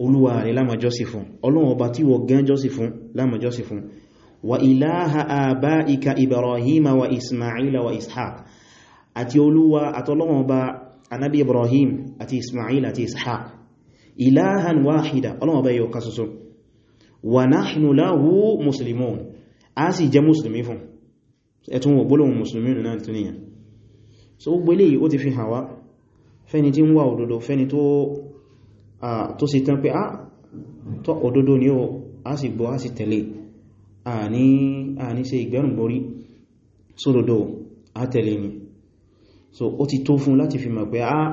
olúwa rẹ̀ la mọ̀ fún ọlọ́run ọba tí wọ́n gán ilahan wahida ọlọ́wọ́ bẹ́yọ ká ṣoṣo wa nahnu lahu muslimun a sì jẹ́ musulmi fún ẹ̀tún wọ gbólóhùn musulmi náà tún níyàn so gbogbo eléyìí ó ti fi hàn wá fẹ́ni tí ń wá òdodo fẹ́ni tó sì tán pé a ah, tọ́ òdodo ni ó a sì gbọ́ a sì tẹ̀lé a ní ṣe ìgbẹ́rùn gborí sódodo a tẹ̀lé ni so ó ti tó fún láti fi mọ̀ pé a ah,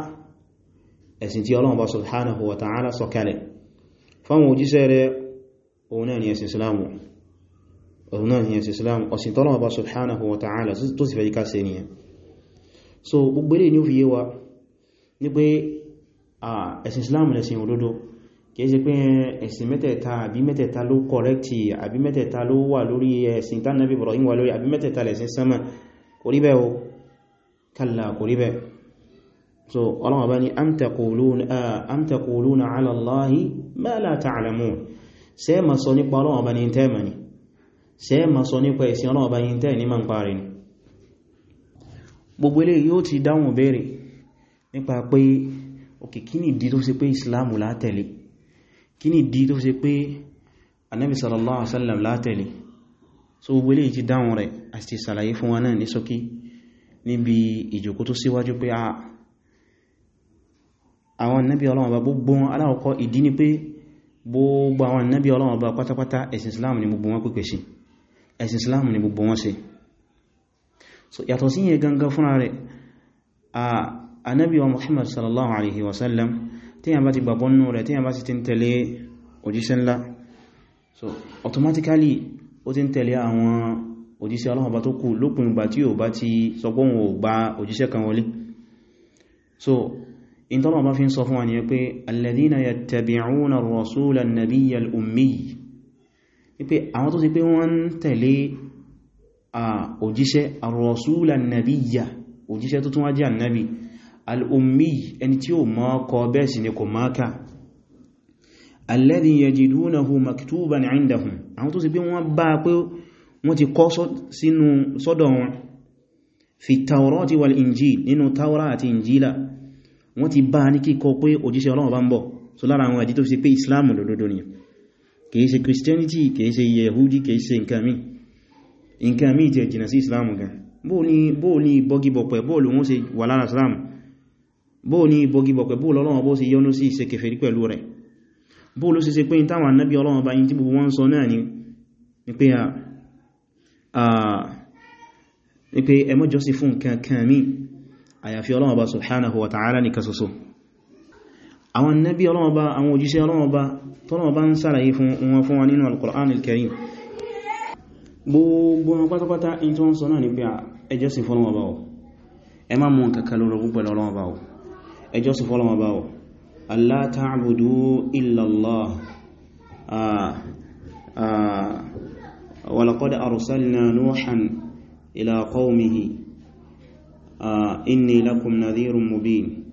ẹ̀sìn tí Ọlọ́run bá subhanahu wa ta'ala sọ̀kalẹ̀ fáwọn òjíṣẹ́ rẹ̀ òun náà ni ẹ̀sìn islamu òun náà ni ẹ̀sìn islamu ọ̀sìn tọ́lọ́run bá subhanahu wa ta'ala tó sì fẹ́ ká ṣe nìyẹn so gbogbo ilé ni ó fi yé wa ní pé ẹ̀sìn islamu lẹ̀sìn òdodo kìí ṣe pé ẹ̀sìn kò rí bẹ́ẹ̀ so ọlọ́wọ́ bá ní am taquluna ala Allahi ma la ta'lamun ṣé ma sọ nípa ọlọ́wọ́ bá ní tẹ́ mẹ́ ni ṣé ma sọ nípa ìsìn ọlọ́wọ́ bá ní tẹ́ ní ma ń parí ni gbogbo eléyìí yóò ti dáhùn béèrè nípa pé òkè kí ni ìdí tó ṣe pé Islam látẹ̀lé kí ni ìdí tó ṣe pé Ànábì sallallahu alaihi so gbogbo eléyìí ti dáhùn rẹ̀ àti ṣàlàyé fún wa náà ní ṣókí níbi àwọn ànábì Ọlọ́run ọba gbogbo wọn aláwọ̀kọ́ ìdí ni pé gbogbo àwọn ànábì Ọlọ́run ọba pátápátá ẹ̀sìn Islam ni gbogbo wọn pèpè sí ẹ̀sìn Islam ni gbogbo wọn ṣe so yàtọ̀ sí yẹn gangan fúnra rẹ̀ ànábì wa Muhammad sallallahu alaihi wasallam tí yàn bá ti gbàgbọ́ nínú rẹ̀ tí yàn bá ti so automatically ó ti ń tẹ̀lé àwọn òjíṣẹ́ Ọlọ́run ọba tó kù lópin ìgbà tí ò so in tọ́lọ̀ bá fi ń sọ fún wa ní pé alladhina yattabi'una ar-rasula an-nabiyya al-ummi pé àwọn tó sì pé wọ́n tẹ̀lé òjíṣẹ́ ar-rasula an-nabiyya òjíṣẹ́ tó tún wá jẹ́ annabi al-ummi ẹni tí ó mọ́ kọ bẹ́ẹ̀ sì ni kò máka alladhi yajidunahu maktuban wọ́n ti bá ní kíkọ pé òjíṣẹ́ Ọlọ́run bá ń bọ̀ so lára àwọn ìdí tó fi pé Islam lòdodo ni kìí ṣe Christianity kìí ṣe Yehudi kìí ṣe nǹkan míì nǹkan míì ti ẹ̀jìnà sí Islam gan bóò ní bọ́gibọ̀pẹ̀ bóò lòun ṣe wà lára Islam bóò ní bọ́gibọ̀pẹ̀ bóò lọ́lọ́wọ́ bó ṣe yọ́nú sí ìṣe kèfèrí pẹ̀lú rẹ̀ bóò ló ṣe pé táwọn annabi Ọlọ́run bá yín tí gbogbo wọn sọ náà ni pé a ni pé ẹmọ́jọ́sí fún nǹkan kan míì àyàfi ọlọ́wọ́ bá subhanahu wa ta'ala ní kasoso àwọn nabi ọlọ́wọ́ bá àwọn òjíṣẹ́ ọlọ́wọ́ bá tọ́lọ́wọ́ bá ń sàlàyé fún wọn fún wa nínú al-Qur'an al-Karim gbogbo wọn pátápátá in tó ń sọ náà ní pé ẹjọ́ sí ila qawmihi inni lakum nadhirun mubin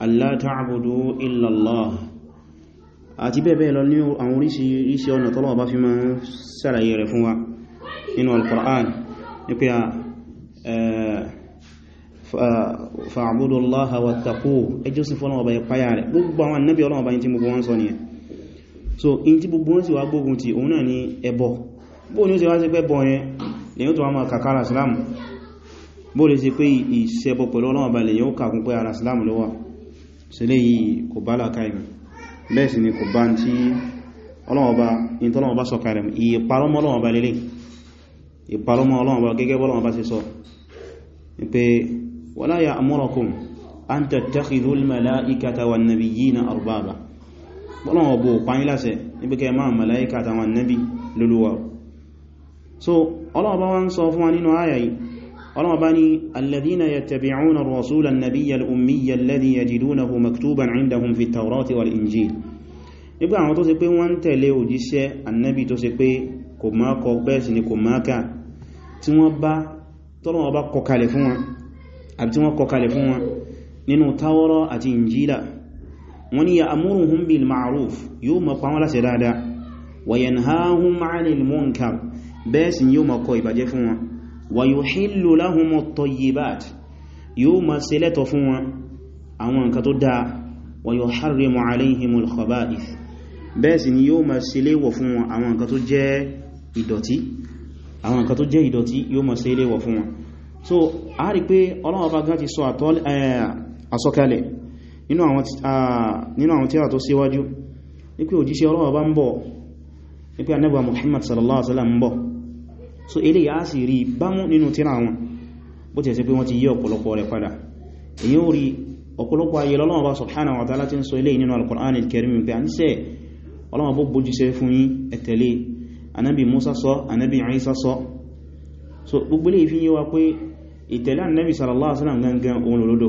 alla ta'budu illa Allah àti bẹ́ẹ̀bẹ́ẹ̀ lọ ní àwọn oríṣiríṣi ọ̀nà tọ́lọ̀ bá fi máa ń ṣàlàyé rẹ̀ fún wa nínú al-Qur'an ní pé fa'budu Allaha wattaquhu ẹjọ́ sí fọ́nà ọba ìpáyà rẹ̀ gbogbo àwọn annabi ọlọ́wọ́ báyìí tí gbogbo wọn sọ nìyẹn so in tí gbogbo wọn sì wá gbógun ti òun náà ní ẹbọ bóò ní ó sì wá sí pẹ́ bọ́ yẹn lèyìn tó wá máa kàkàrà Islam bó lè ṣe pé ìṣẹ́bọ̀ pẹ̀lú ọlọ́wọ̀n balẹ̀ yóò kàkún pé ara islamu lọ́wà sílé yìí kò bá láka ìmì bẹ́ẹ̀ sì ni kò bá ń tí ọlọ́wọ̀n bá sọ̀kà rẹ̀ ìparọ́mọ́ ọlọ́wọ̀n balẹ̀ lè ìparọ́mọ́ ọlọ́wọ̀n bá gẹ́gẹ́ bọ́lọ́wọ̀n bá ṣe sọ pé wala ya'murukum an tattakhidhul malaikata wan nabiyyina arbaba bọ́lọ́wọ̀n bó pàáyí láṣẹ níbi kẹ máa malaikata wan nabi lulúwa so ọlọ́wọ́ bá ní alladhina yattabi'una ar-rasula an-nabiyya al-ummiyya alladhi yajidunahu maktuban 'indahum fi at-taurati wal-injil nígbà àwọn tó ṣe pé wọ́n ń tẹ̀lé òjíṣẹ́ annabi tó ṣe pé kò máa kọ bẹ́ẹ̀ sí ni kò máa kà tí wọ́n bá tọ́lọ̀ fún wọn nínú táwọ́rọ́ àti injila wọ́n ni ya amuruhum bil ma'ruf yóò mọ̀ pa wọ́n dáadáa wa yanhahum munkar bẹ́ẹ̀ sì yóò mọ̀ kọ ìbàjẹ́ fún wọn wa yuhillu lahumu tayyibat yóò ma ṣe lẹ́tọ̀ fún wọn àwọn nǹkan tó dáa wa yuharrimu alayhimul khaba'ith bẹ́ẹ̀ sì ni yóò ma ṣe léwọ̀ fún wọn àwọn nǹkan tó jẹ́ ìdọ̀tí yóò ma ṣe léwọ̀ fún wọn so a rí pé ọlọ́wọ́ bá gá ti sọ àsọkalẹ̀ nínú àwọn tí a tó síwájú ní pé òjíṣẹ́ ọlọ́wọ́ bá ń bọ̀ ní pé anẹ́gbà Muhammad sallallahu so eléyìí a sì rí bámú nínú tírà wọn bó ti ẹ̀sẹ̀ pé wọ́n ti yí ọ̀pọ̀lọpọ̀ rẹ̀ padà èyí ó rí ọ̀pọ̀lọpọ̀ ayé lọ́lọ́wọ́ bá subhanahu wa ń sọ eléyìí nínú al-Qur'an al-Karim pé a ń sẹ́ ọlọ́wọ́ bó bójúṣe fún yín ẹ tẹ̀lé anábì e. Musa sọ anábì so gbogbo eléyìí fi yé wa pé ìtẹ̀lé alaihi wasallam gangan òun lòlódò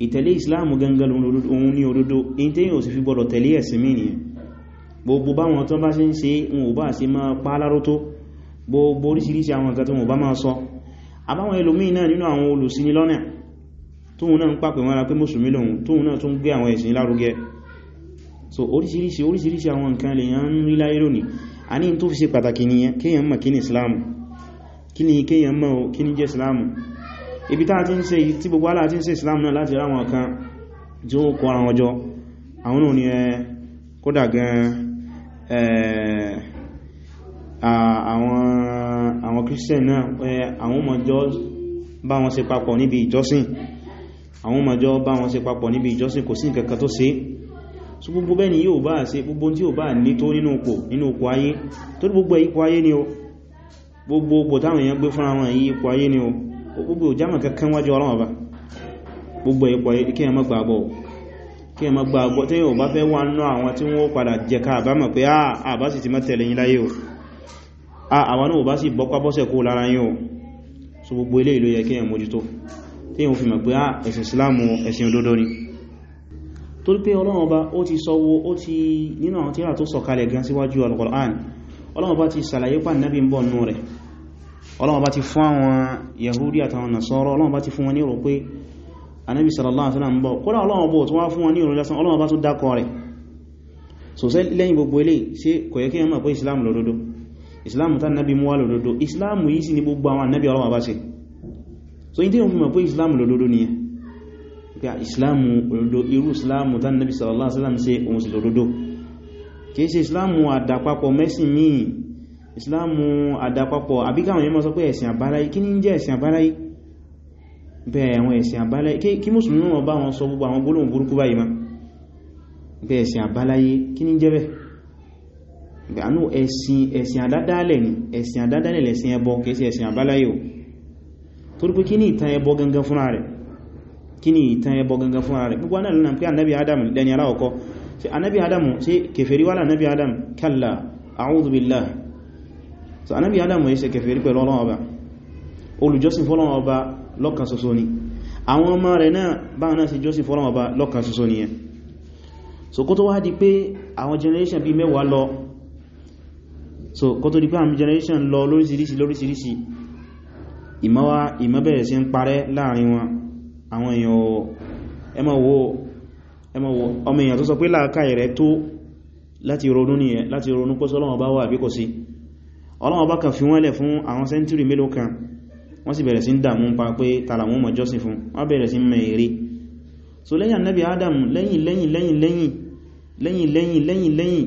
ìtẹ̀lé ìsìláàmù gangan òun ní òdodo in tí yíò sì fi gbọdọ̀ tẹ̀lé ẹ̀sìn mí nìyẹn gbogbo báwọn tó bá ṣe ń ṣe wọn ò bá ṣe máa pálárò tó gbogbo orísìírísìí àwọn ǹkan tí wọ́n bá máa sọ àbáwọn ẹlòmíì náà nínú àwọn olùṣìnílọ́nà tóhun náà ń pàpẹ̀ ara pé mùsùlùmí lòun tóhun náà tún gbé àwọn ẹ̀sìn lárugẹ so orísìírísìí orísìírísìí àwọn nǹkan a ti àwọn christian náà àwọn ọmọjọ́ bá wọn ṣe papọ̀ níbi ìjọsìn àwọn ọmọjọ́ bá wọn ṣe papọ̀ níbi ìjọsìn kò sí nǹkankan tó ṣe so gbogbo bẹ́ẹ̀ ni yóò bá ṣe gbogbo tí ó bá ní tó nínú òpó nínú òpó ayé tó ní gbogbo ipò ayé ni o gbogbo òpó táwọn èèyàn gbé fúnra wọn yìí ipò ayé ni o gbogbo òjámọ̀ kankan wájú ọlọ́wọ́ bá gbogbo ipò ayé kí ẹ má gbàgbọ́ kí ẹ má gbàgbọ́ tẹ́yìn ò bá fẹ́ wà náà àwọn tí wọ́n padà jẹ ká àbámọ̀ pé àbá ah, sì ti mọ́ tẹ̀lé yín láyé o Ah, àwọn náà bá sì bọ́kwá bọ́sẹ̀ kó lára yín o so gbogbo ilé ìlú yẹ kí èyàn tí èyàn fi mọ̀ pé ah, ẹ̀sìn Islamu ẹ̀sìn òdodo ni torí pé Ọlọ́run Ọba ó ti sọwọ́ ó ti nínú àwọn tírà tó sọ̀kalẹ̀ gan síwájú Al-Qur'an Ọlọ́run Ọba ti sàlàyé pà nẹ́bí ń bọ̀ nú rẹ̀ ti fún àwọn Yahudi àtàwọn Nasara Ọlọ́run Ọba ti fún wọn ní rò pé Ànábì sallallahu alaihi wasallam ń bọ̀ kódà Ọlọ́run Ọba tó wá fún wọn ní rò lásán Ọlọ́run Ọba tó dákọ rẹ̀ lẹ́yìn gbogbo eléyìí ṣé kò yẹ pé Islam lódodo islam tán nábi mú wá lòdòdó islam yìí sí ní gbogbo àwọn Nabi ọlọ́wà bá ṣe so in tí yíò fi mọ̀ pé islam lòdòdó ni pé islam lòdòdó irú islam tán nábi sallallahu alaihi wasallam ṣe òun sí lòdòdó kìí ṣe islam àdàpapọ̀ mẹ́sìn míì islam àdàpapọ̀ àbíkáwọn yẹn mọ́ sọ pé ẹ̀sìn àbáláyé kí ní jẹ́ ẹ̀sìn àbáláyé bẹ́ẹ̀ àwọn ẹ̀sìn àbáláyé kí mùsùlùmí wọn bá wọn sọ gbogbo àwọn gbólóhùn burúkú báyìí ma bẹ́ẹ̀ ẹ̀sìn àbáláyé kí ní jẹ́ bẹ́ẹ̀ gbàánú ẹ̀sìn ẹ̀sìn àdádálẹ̀ ni ẹ̀sìn àdádálẹ̀ lẹ̀sìn ẹbọ kìí sí ẹ̀sìn àbáláyé o torí pé kí ni ìtàn ẹbọ gangan fúnra rẹ̀ kí ni ìtàn ẹbọ gangan fúnra rẹ̀ gbogbo náà lónà pé anábi adam lẹni aláwọ̀kọ́ ṣe anábi adam ṣe kèfèrí wà lánàbi adam kalla a'udhu billah so anábi adam yìí ṣe kèfèrí pẹ̀lú ọlọ́wọ́ ọba olùjọ́sìn fọ́lọ́wọ́ ọba lọ́kan ṣoṣo ni àwọn ọmọ rẹ̀ náà báwọn náà ṣe jọ́sìn fọ́lọ́wọ́ ọba lọ́kan ṣoṣo ni so kó tó wá di pé àwọn generation bíi mẹ́wàá lọ so kó tó di pé àmì generation lọ lóríṣìíríṣìí lóríṣìíríṣìí ìmọ́wá ìmọ́bẹ̀rẹ̀ sí ń parẹ́ láàrin wọn àwọn èèyàn ẹ máa wò ẹ máa wò ọmọ èèyàn tó sọ pé láàkáì rẹ̀ tó láti ronú ní ẹ láti ronú pé sọ́lọ́wọ́ bá wà àbí kò sí ọlọ́wọ́ bá kan fi wọ́n lẹ̀ fún àwọn sẹ́ntúrì mélòó kan wọ́n sì bẹ̀rẹ̀ sí ń dàmú pa pé tààrà wọn mọ̀ jọ́sìn fún wọ́n bẹ̀rẹ̀ sí ń èrè so lẹ́yìn annabi adam lẹ́yìn lẹ́yìn lẹ́yìn lẹ́yìn lẹ́yìn lẹ́yìn lẹ́yìn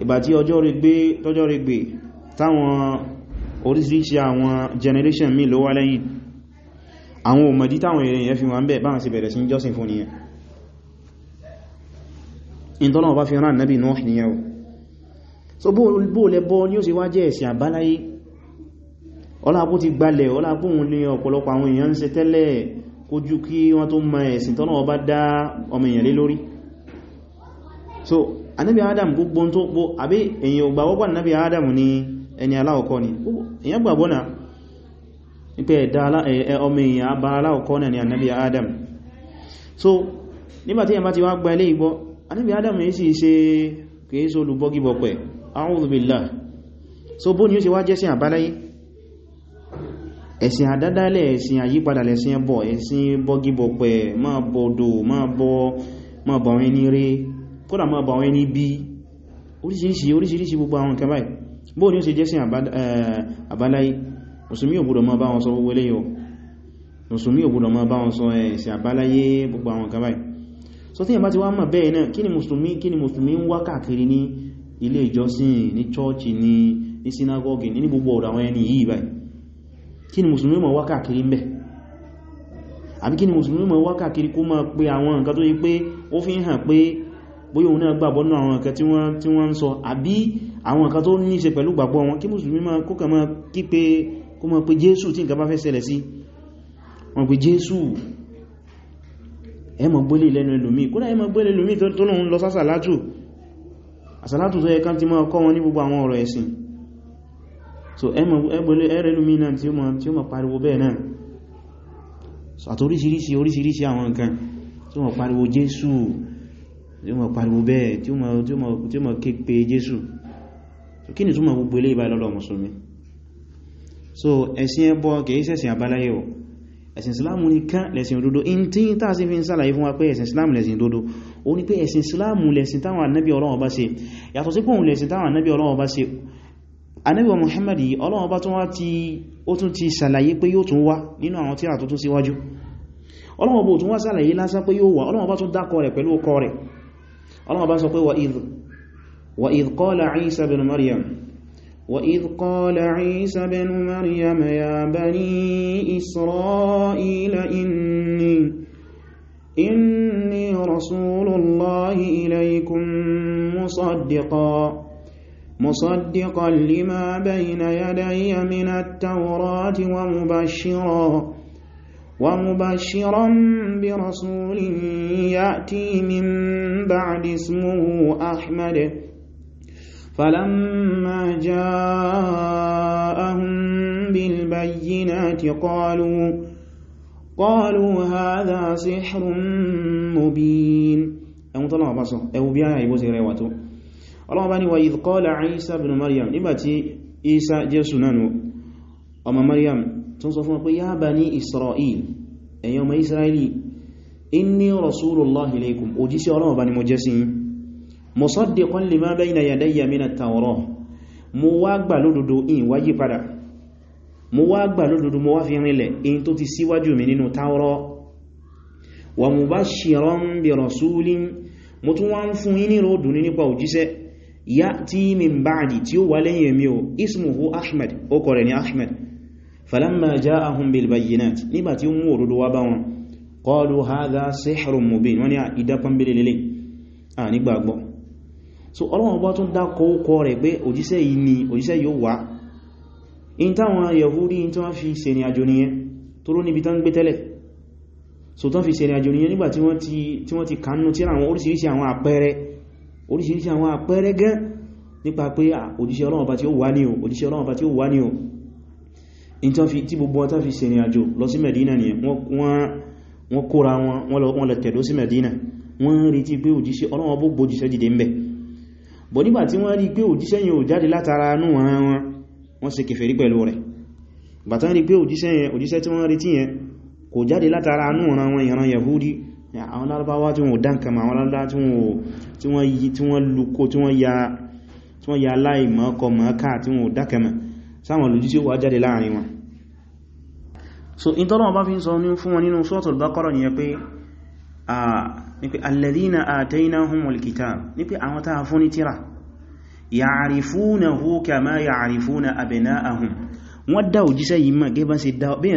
ìgbà tí ọjọ́ rí gbé tọ́jọ́ rí gbé táwọn oríṣiríṣi àwọn generation mi ló wá lẹ́yìn àwọn òmọ̀dí táwọn èrè yẹn fi wọ́n bẹ̀ báwọn sì bẹ̀rẹ̀ sí jọ́sìn fún nìyẹn ìtọ́nà bá fi rán nábì Nuh nìyẹn o so bó lẹ́bọ́ ní ó sì wá jẹ́ ẹ̀sìn àbáláyé ọlápó ti gbalẹ̀ ọlápó òun lè ọ̀pọ̀lọpọ̀ àwọn èèyàn ń ṣe tẹ́lẹ̀ kójú kí wọ́n tó mọ ẹ̀sìn tọ́nà ọba dá ọmọ èèyàn lé lórí so anábi adam gbogbo tó gbó àbí èyàn ògbà wọ́gbà nábi adam ní ẹni aláwọ̀kọ́ ni èyàn gbàgbọ́ náà nípa ẹ̀dá ọmọ èyàn abá aláwọ̀kọ́ náà ni anábi adam so nígbàtí èyàn bá ti wá gba ilé ìgbọ́ anábi adam yìí sì ṣe kìí so olùbọ́gibọ̀pẹ̀ a'udhu billah so bó ni ó ṣe wá jẹ́ sí àbáláyé ẹ̀sìn àdádálẹ̀ ẹ̀sìn àyípadà lẹ̀sìn ẹbọ ẹ̀sìn bọ́gibọ̀pẹ̀ máa bọ̀dọ̀ máa bọ̀ àwọn ẹni rí kódà máa bọ̀ àwọn ẹni bí oríṣìíríṣìí oríṣìíríṣìí gbogbo àwọn nǹkan báyìí bóò ní ó ṣe jẹ́sìn àbáláyé mùsùlùmí ò gbọdọ̀ máa bá wọn sọ gbogbo eléyìí o mùsùlùmí ò gbọdọ̀ máa bá wọn sọ ẹ̀sìn àbáláyé gbogbo àwọn nǹkan báyìí so ni èyàn mọ̀ bẹ́ẹ̀ ni mùsùlùmí kí ni mùsùlùmí ń ni mùsùlùmí máa wá káàkiri ń bẹ̀ àbí kí ni mùsùlùmí máa wá káàkiri kó máa pe àwọn nǹkan tó yí pé ó fi ń hàn pé bóyá òun náà gbàgbọ́ náà àwọn nǹkan tí wọ́n ń sọ àbí àwọn nǹkan tó ní ṣe pẹ̀lú gbàgbọ́ wọn kí mùsùlùmí máa kó kà máa kí pé kó máa pe jésù tí nǹkan bá fẹ́ ṣẹlẹ̀ sí wọn pe jésù ẹ máa gbélé lẹ́nu ẹlòmí kódà ẹ máa gbélé ẹlòmí tó lóun lọ sásàlátù àsàlátù tó yẹ ká ti máa kọ́ wọn ní gbogbo àwọn ọ̀rọ̀ ẹ̀sìn so ẹ gbélé ẹrẹ́ ẹlòmí náà tí ó máa pariwo bẹ́ẹ̀ náà àtoríṣiríṣi oríṣiríṣi àwọn nǹkan tí wọ́n pariwo jésù tí ó ma pariwo bẹ́ẹ̀ tí ó ma ké pe Jésù kí ni túnmọ̀ gbogbo ilé ìbá lọ́dọ̀ mùsùlùmí so ẹ̀sìn ẹbọ kìí ṣẹ̀sìn àbáláyé o ẹ̀sìn islamu ní kán lẹ̀sìn òdodo in tí ń tàà sí fi ń sàlàyé fún wa pé ẹ̀sìn islamu lẹ̀sìn òdodo o ní pé ẹ̀sìn islamu lẹ̀sìn táwọn anábí Ọlọ́run bá ṣe yàtọ̀ sí pòun lẹ̀sìn táwọn anábí Ọlọ́run bá ṣe anábí Muhammad Ọlọ́run bá tún wá tí ó tún ti sàlàyé pé yóò tún wá nínú àwọn tí àtúntún síwájú Ọlọ́run bó tún wá sàlàyé lásán pé yóò wá Ọlọ́run bá tún dákọ rẹ̀ pẹ̀lú ọkọ rẹ̀ الله bá sọ وإذ وإذ قال عيسى بن مريم وإذ قال عيسى بن مريم يا بني إسرائيل إني إني رسول الله إليكم مصدقا مصدقا لما بين يدي من التوراة ومبشرا ومبشرا برسول يأتي من بعد اسمه أحمد فلما جاءهم بالبينات قالوا قالوا هذا سحر مبين أو طلع بصر أو بيع يبوسي غيواته الله باني وإذ قال عيسى بن مريم إباتي إيسى جيسونانو أما مريم tó sọ fún pé ya bani Isra'il ẹ̀yin ọmọ Isra'ili inni rasulullahi ilaykum òjíṣẹ́ Ọlọ́run bá ni mo jẹ́ sí yín musaddiqan lima bayna yadayya min at-tawrah mo wá gbà lódodo in wá padà mo wá gbà lódodo mo wá fi rinlẹ̀ in tó ti síwájú mi nínú Tawrah wa mubashiran bi rasulin mo tún wá ń fún yín ní ròdùn nípa òjíṣẹ́ ya'ti min ba'di tí ó wà lẹ́yìn mi o ismuhu Ahmad ó kọ̀rẹ̀ ní Ahmad falamma ja'ahum bil bayyinat nígbà tí ó mú òdodo wá bá wọn qalu hadha sihrun mubin wọ́n ní ìdákan bí lélẹ̀ nígbàgbọ́ so ọlọ́wọ́n bá tún dákọ̀ ókọ rẹ̀ pé òjíṣẹ́ yìí ni òjíṣẹ́ yóò wá in táwọn yahudi in tí fi ṣe ní àjò nìyẹn tó ló níbi tán gbé tẹ́lẹ̀ so tán fi ṣe ní àjò nìyẹn nígbà tí wọ́n ti kánú tí àwọn oríṣiríṣi àwọn àpẹẹrẹ oríṣiríṣi àwọn àpẹẹrẹ gẹ́ nípa pé òjíṣẹ́ ọlọ́wọ́n bá tí ó wá ní o tí gbogbo wọn tán fi ṣe ìrìn àjò lọ sí Medina ni wọ́n kóra wọn wọ́n lọ tẹ̀dó sí Medina wọ́n ń retí pé òjíṣẹ́ Ọlọ́run bó gbójíṣẹ́ dìde ń bẹ̀ bọ̀ nígbà tí wọ́n rí pé òjíṣẹ́ yẹn ò jáde látara anú wọn wọ́n ṣe kèfèrí pẹ̀lú rẹ̀ bàtán rí pé òjíṣẹ́ tí wọ́n retí yẹn kò Yahudi àwọn lárúbáwá tí wọ́n dánkàmà àwọn lárúbáwá tí wọ́n lukó tí wọ́n ya aláìmọ́kọ̀ mọ́ká tí wọ́n dákẹ̀mọ̀ sáwọn olùjíṣẹ́ wà jáde láàrin wọn so in tọ́lọ́wọ́ bá fi ń sọ ní fún wọn nínú suratul Baqara ni pé alladhina ataynahumul kitab ní pé àwọn tàà fún ní tíra ya'rifunahu kama ya'rifuna abna'ahum wọ́n dá òjíṣẹ́ yìí mọ̀ gẹ́bẹ́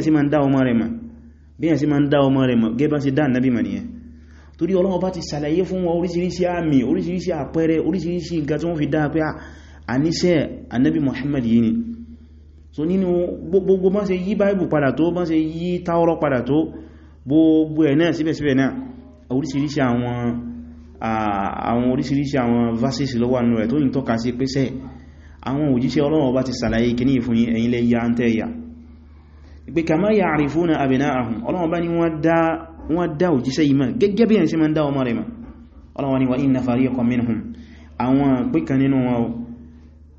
sí ma ń dá ọmọ rẹ̀ mọ̀ gẹ́bẹ́ sí dá annabi mọ̀ nìyẹn torí Ọlọ́hun bá ti sàlàyé fún wọn oríṣiríṣi àmì oríṣiríṣi àpẹẹrẹ oríṣiríṣi nǹkan tí so nínú gbogbo bọ́n ṣe yí báìbù padà tó bọ́n ṣe yí táọ́rọ́ padà tó gbogbo ẹ̀ náà síbẹ̀síbẹ̀ náà oríṣiríṣi àwọn àwọn oríṣiríṣi àwọn verses ló wà nínú rẹ̀ tó ń tọ́ka sí pẹ́sẹ̀ àwọn òjíṣẹ́ Ọlọ́run Ọba ti sàlàyé kìíní fún ẹ̀yin lẹ́ ya ń tẹ́ ya pé kama ya'rifuna abna'ahum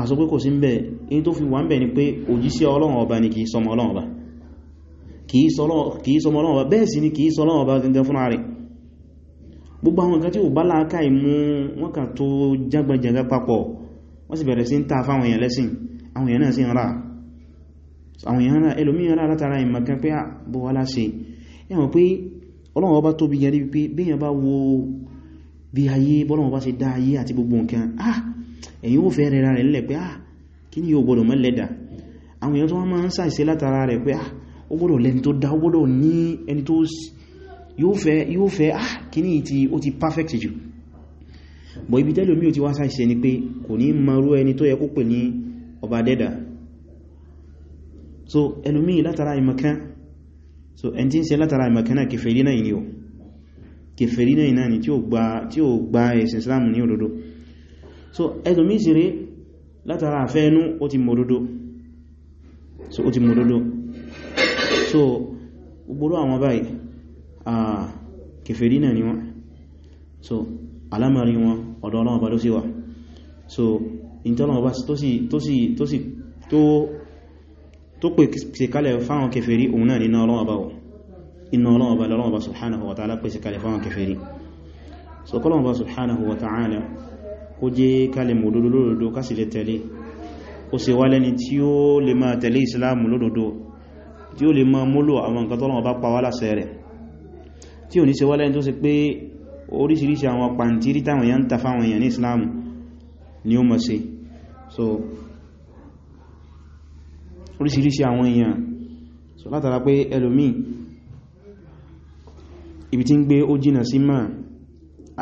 àṣọ pé kò sí mbẹ̀ in tó fi wà mbẹ̀ ni pé òjíṣẹ́ ọlọ́run ọba ni kìí sọmọ ọlọ́run ọba kìí sọmọ ọlọ́run ọba bẹ́ẹ̀ ni kìí sọmọ ọlọ́run ọba gangan fúnra rẹ̀ gbogbo àwọn nǹkan tí ò bá láàká ìmú wọn kà tó jágbàjàgà papọ̀ wọ́n sì bẹ̀rẹ̀ ta fáwọn èèyàn lẹ́sìn àwọn èèyàn náà sì ń ra àwọn èèyàn náà látara pé wá láṣe ẹ̀wọ̀n pé ọlọ́run ọba gbogbo nǹkan ah ẹ̀yin ó fẹ́ rẹra rẹ̀ nílẹ̀ pé ah kí ni yóò gbọ́dọ̀ mọ́ lẹ́dà àwọn èèyàn tó wọ́n máa ń ṣàìṣe látara rẹ̀ pé ah ó gbọ́dọ̀ lẹ́ni tó dá ó gbọ́dọ̀ ní ẹni tó yóò fẹ́ yóò fẹ́ ah kí ni ti ó ti perfect jù bọ̀ ibi tẹ́lẹ̀ omi ò ti wá ṣàìṣe ni pé kò ní marú ẹni tó yẹ kó pè ní ọba dẹ́dà so ẹlòmíì látara ìmọ̀kan so ẹni tí ń ṣe látara ìmọ̀kan náà kèfèrí náà ni ó kèfèrí náà ni tí ó gba ẹ̀sìn Islam ní òdodo so ẹlòmí sì rí látara àfẹ́ inú ó ti mọ̀dódó so ó so gbogbo àwọn báyìí a kèfèrí náà ni wọ́n so alámàrí wọn ọ̀dọ̀ ọlọ́wọ́ bá ló sí wà so ìtọ́lọ́wọ́ bá tó pèsè kalẹ̀ fáwọn kèfèrí òun náà nínú ọlọ́wọ́ bá wọ́n inna ọlọ́wọ́ bá lọ́wọ́ bá subhanahu wa ta'ala pèsè kalẹ̀ fáwọn kèfèrí so kọlọ́wọ́ bá subhanahu wa ta'ala kó jẹ́ ká lè mọ̀ òdodo lódodo ká sì lè tẹ̀lé ó ṣe wá lẹ́ni tí ó lè máa tẹ̀lé ìsìláàmù lódodo tí ó lè máa múlò àwọn nǹkan tọ́lọ́run bá pa wá láṣẹ rẹ̀ tí ò ní ṣe wá lẹ́ni tó ṣe pé oríṣiríṣi àwọn pàǹtírí táwọn èèyàn ń ta fáwọn èèyàn ní ìsìláàmù ni ó mọ̀ sí so oríṣiríṣi àwọn èèyàn so látara pé ẹlòmíì ibi tí ń gbé ó jìnà sí máa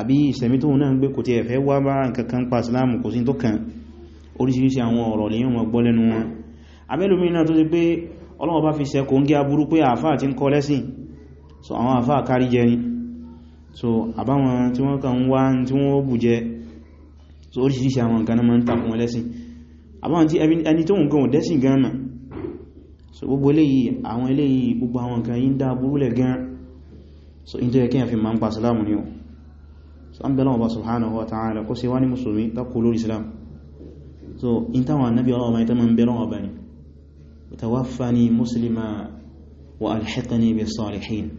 àbí ìsẹ̀mí tóun náà ń gbé kò tí ẹ̀fẹ́ wá bá nǹkankan pa sílámù kò sí tó kàn oríṣiríṣi àwọn ọ̀rọ̀ lèyìn wọn gbọ́ lẹ́nu wọn abẹ́lómi náà tó ti pé Ọlọ́run bá fi ṣe ń gé aburú pé àáfà ti ń kọ́ lẹ́sìn so àwọn àáfà ni so àbáwọn tí wọ́n kàn wá so oríṣiríṣi àwọn nǹkan náà máa ń takùn wọn so gbogbo eléyìí àwọn eléyìí gbogbo àwọn nǹkan yìí ń so in tó yẹ kí èèyàn fi máa ń pa sílámù ni o so an bẹ̀lọ́wọ́ bá subhanahu wa ta'ala kó ṣe wá so in táwọn annabi ọlọ́wọ́ mai ta ma ń bẹ̀lọ́wọ́ bá ní tawaffani muslima wa alhiqni bi salihin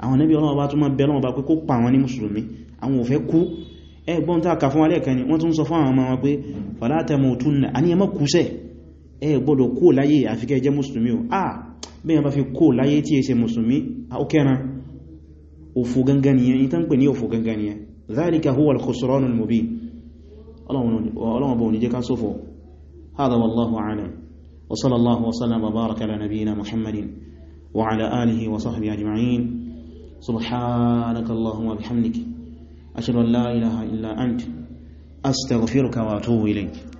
àwọn annabi ọlọ́wọ́ bá tún ma bẹ̀lọ́wọ́ bá pé kó pa wọn ní musulmi àwọn òfẹ́ kú ẹgbọ́n tá kà fún wa lẹ́ẹ̀kan ni wọ́n tún sọ fún àwọn ọmọ wọn pé fala tamutunna a ní ẹmọ́ kúsẹ̀ ẹ gbọ́dọ̀ kó láyé àfikẹ́ jẹ́ ذلك هو الخسران المبين اللهم بوني جي كان هذا والله اعلم وصلى الله وسلم وبارك على نبينا محمد وعلى اله وصحبه اجمعين سبحانك اللهم وبحمدك اشهد ان لا اله الا انت استغفرك واتوب اليك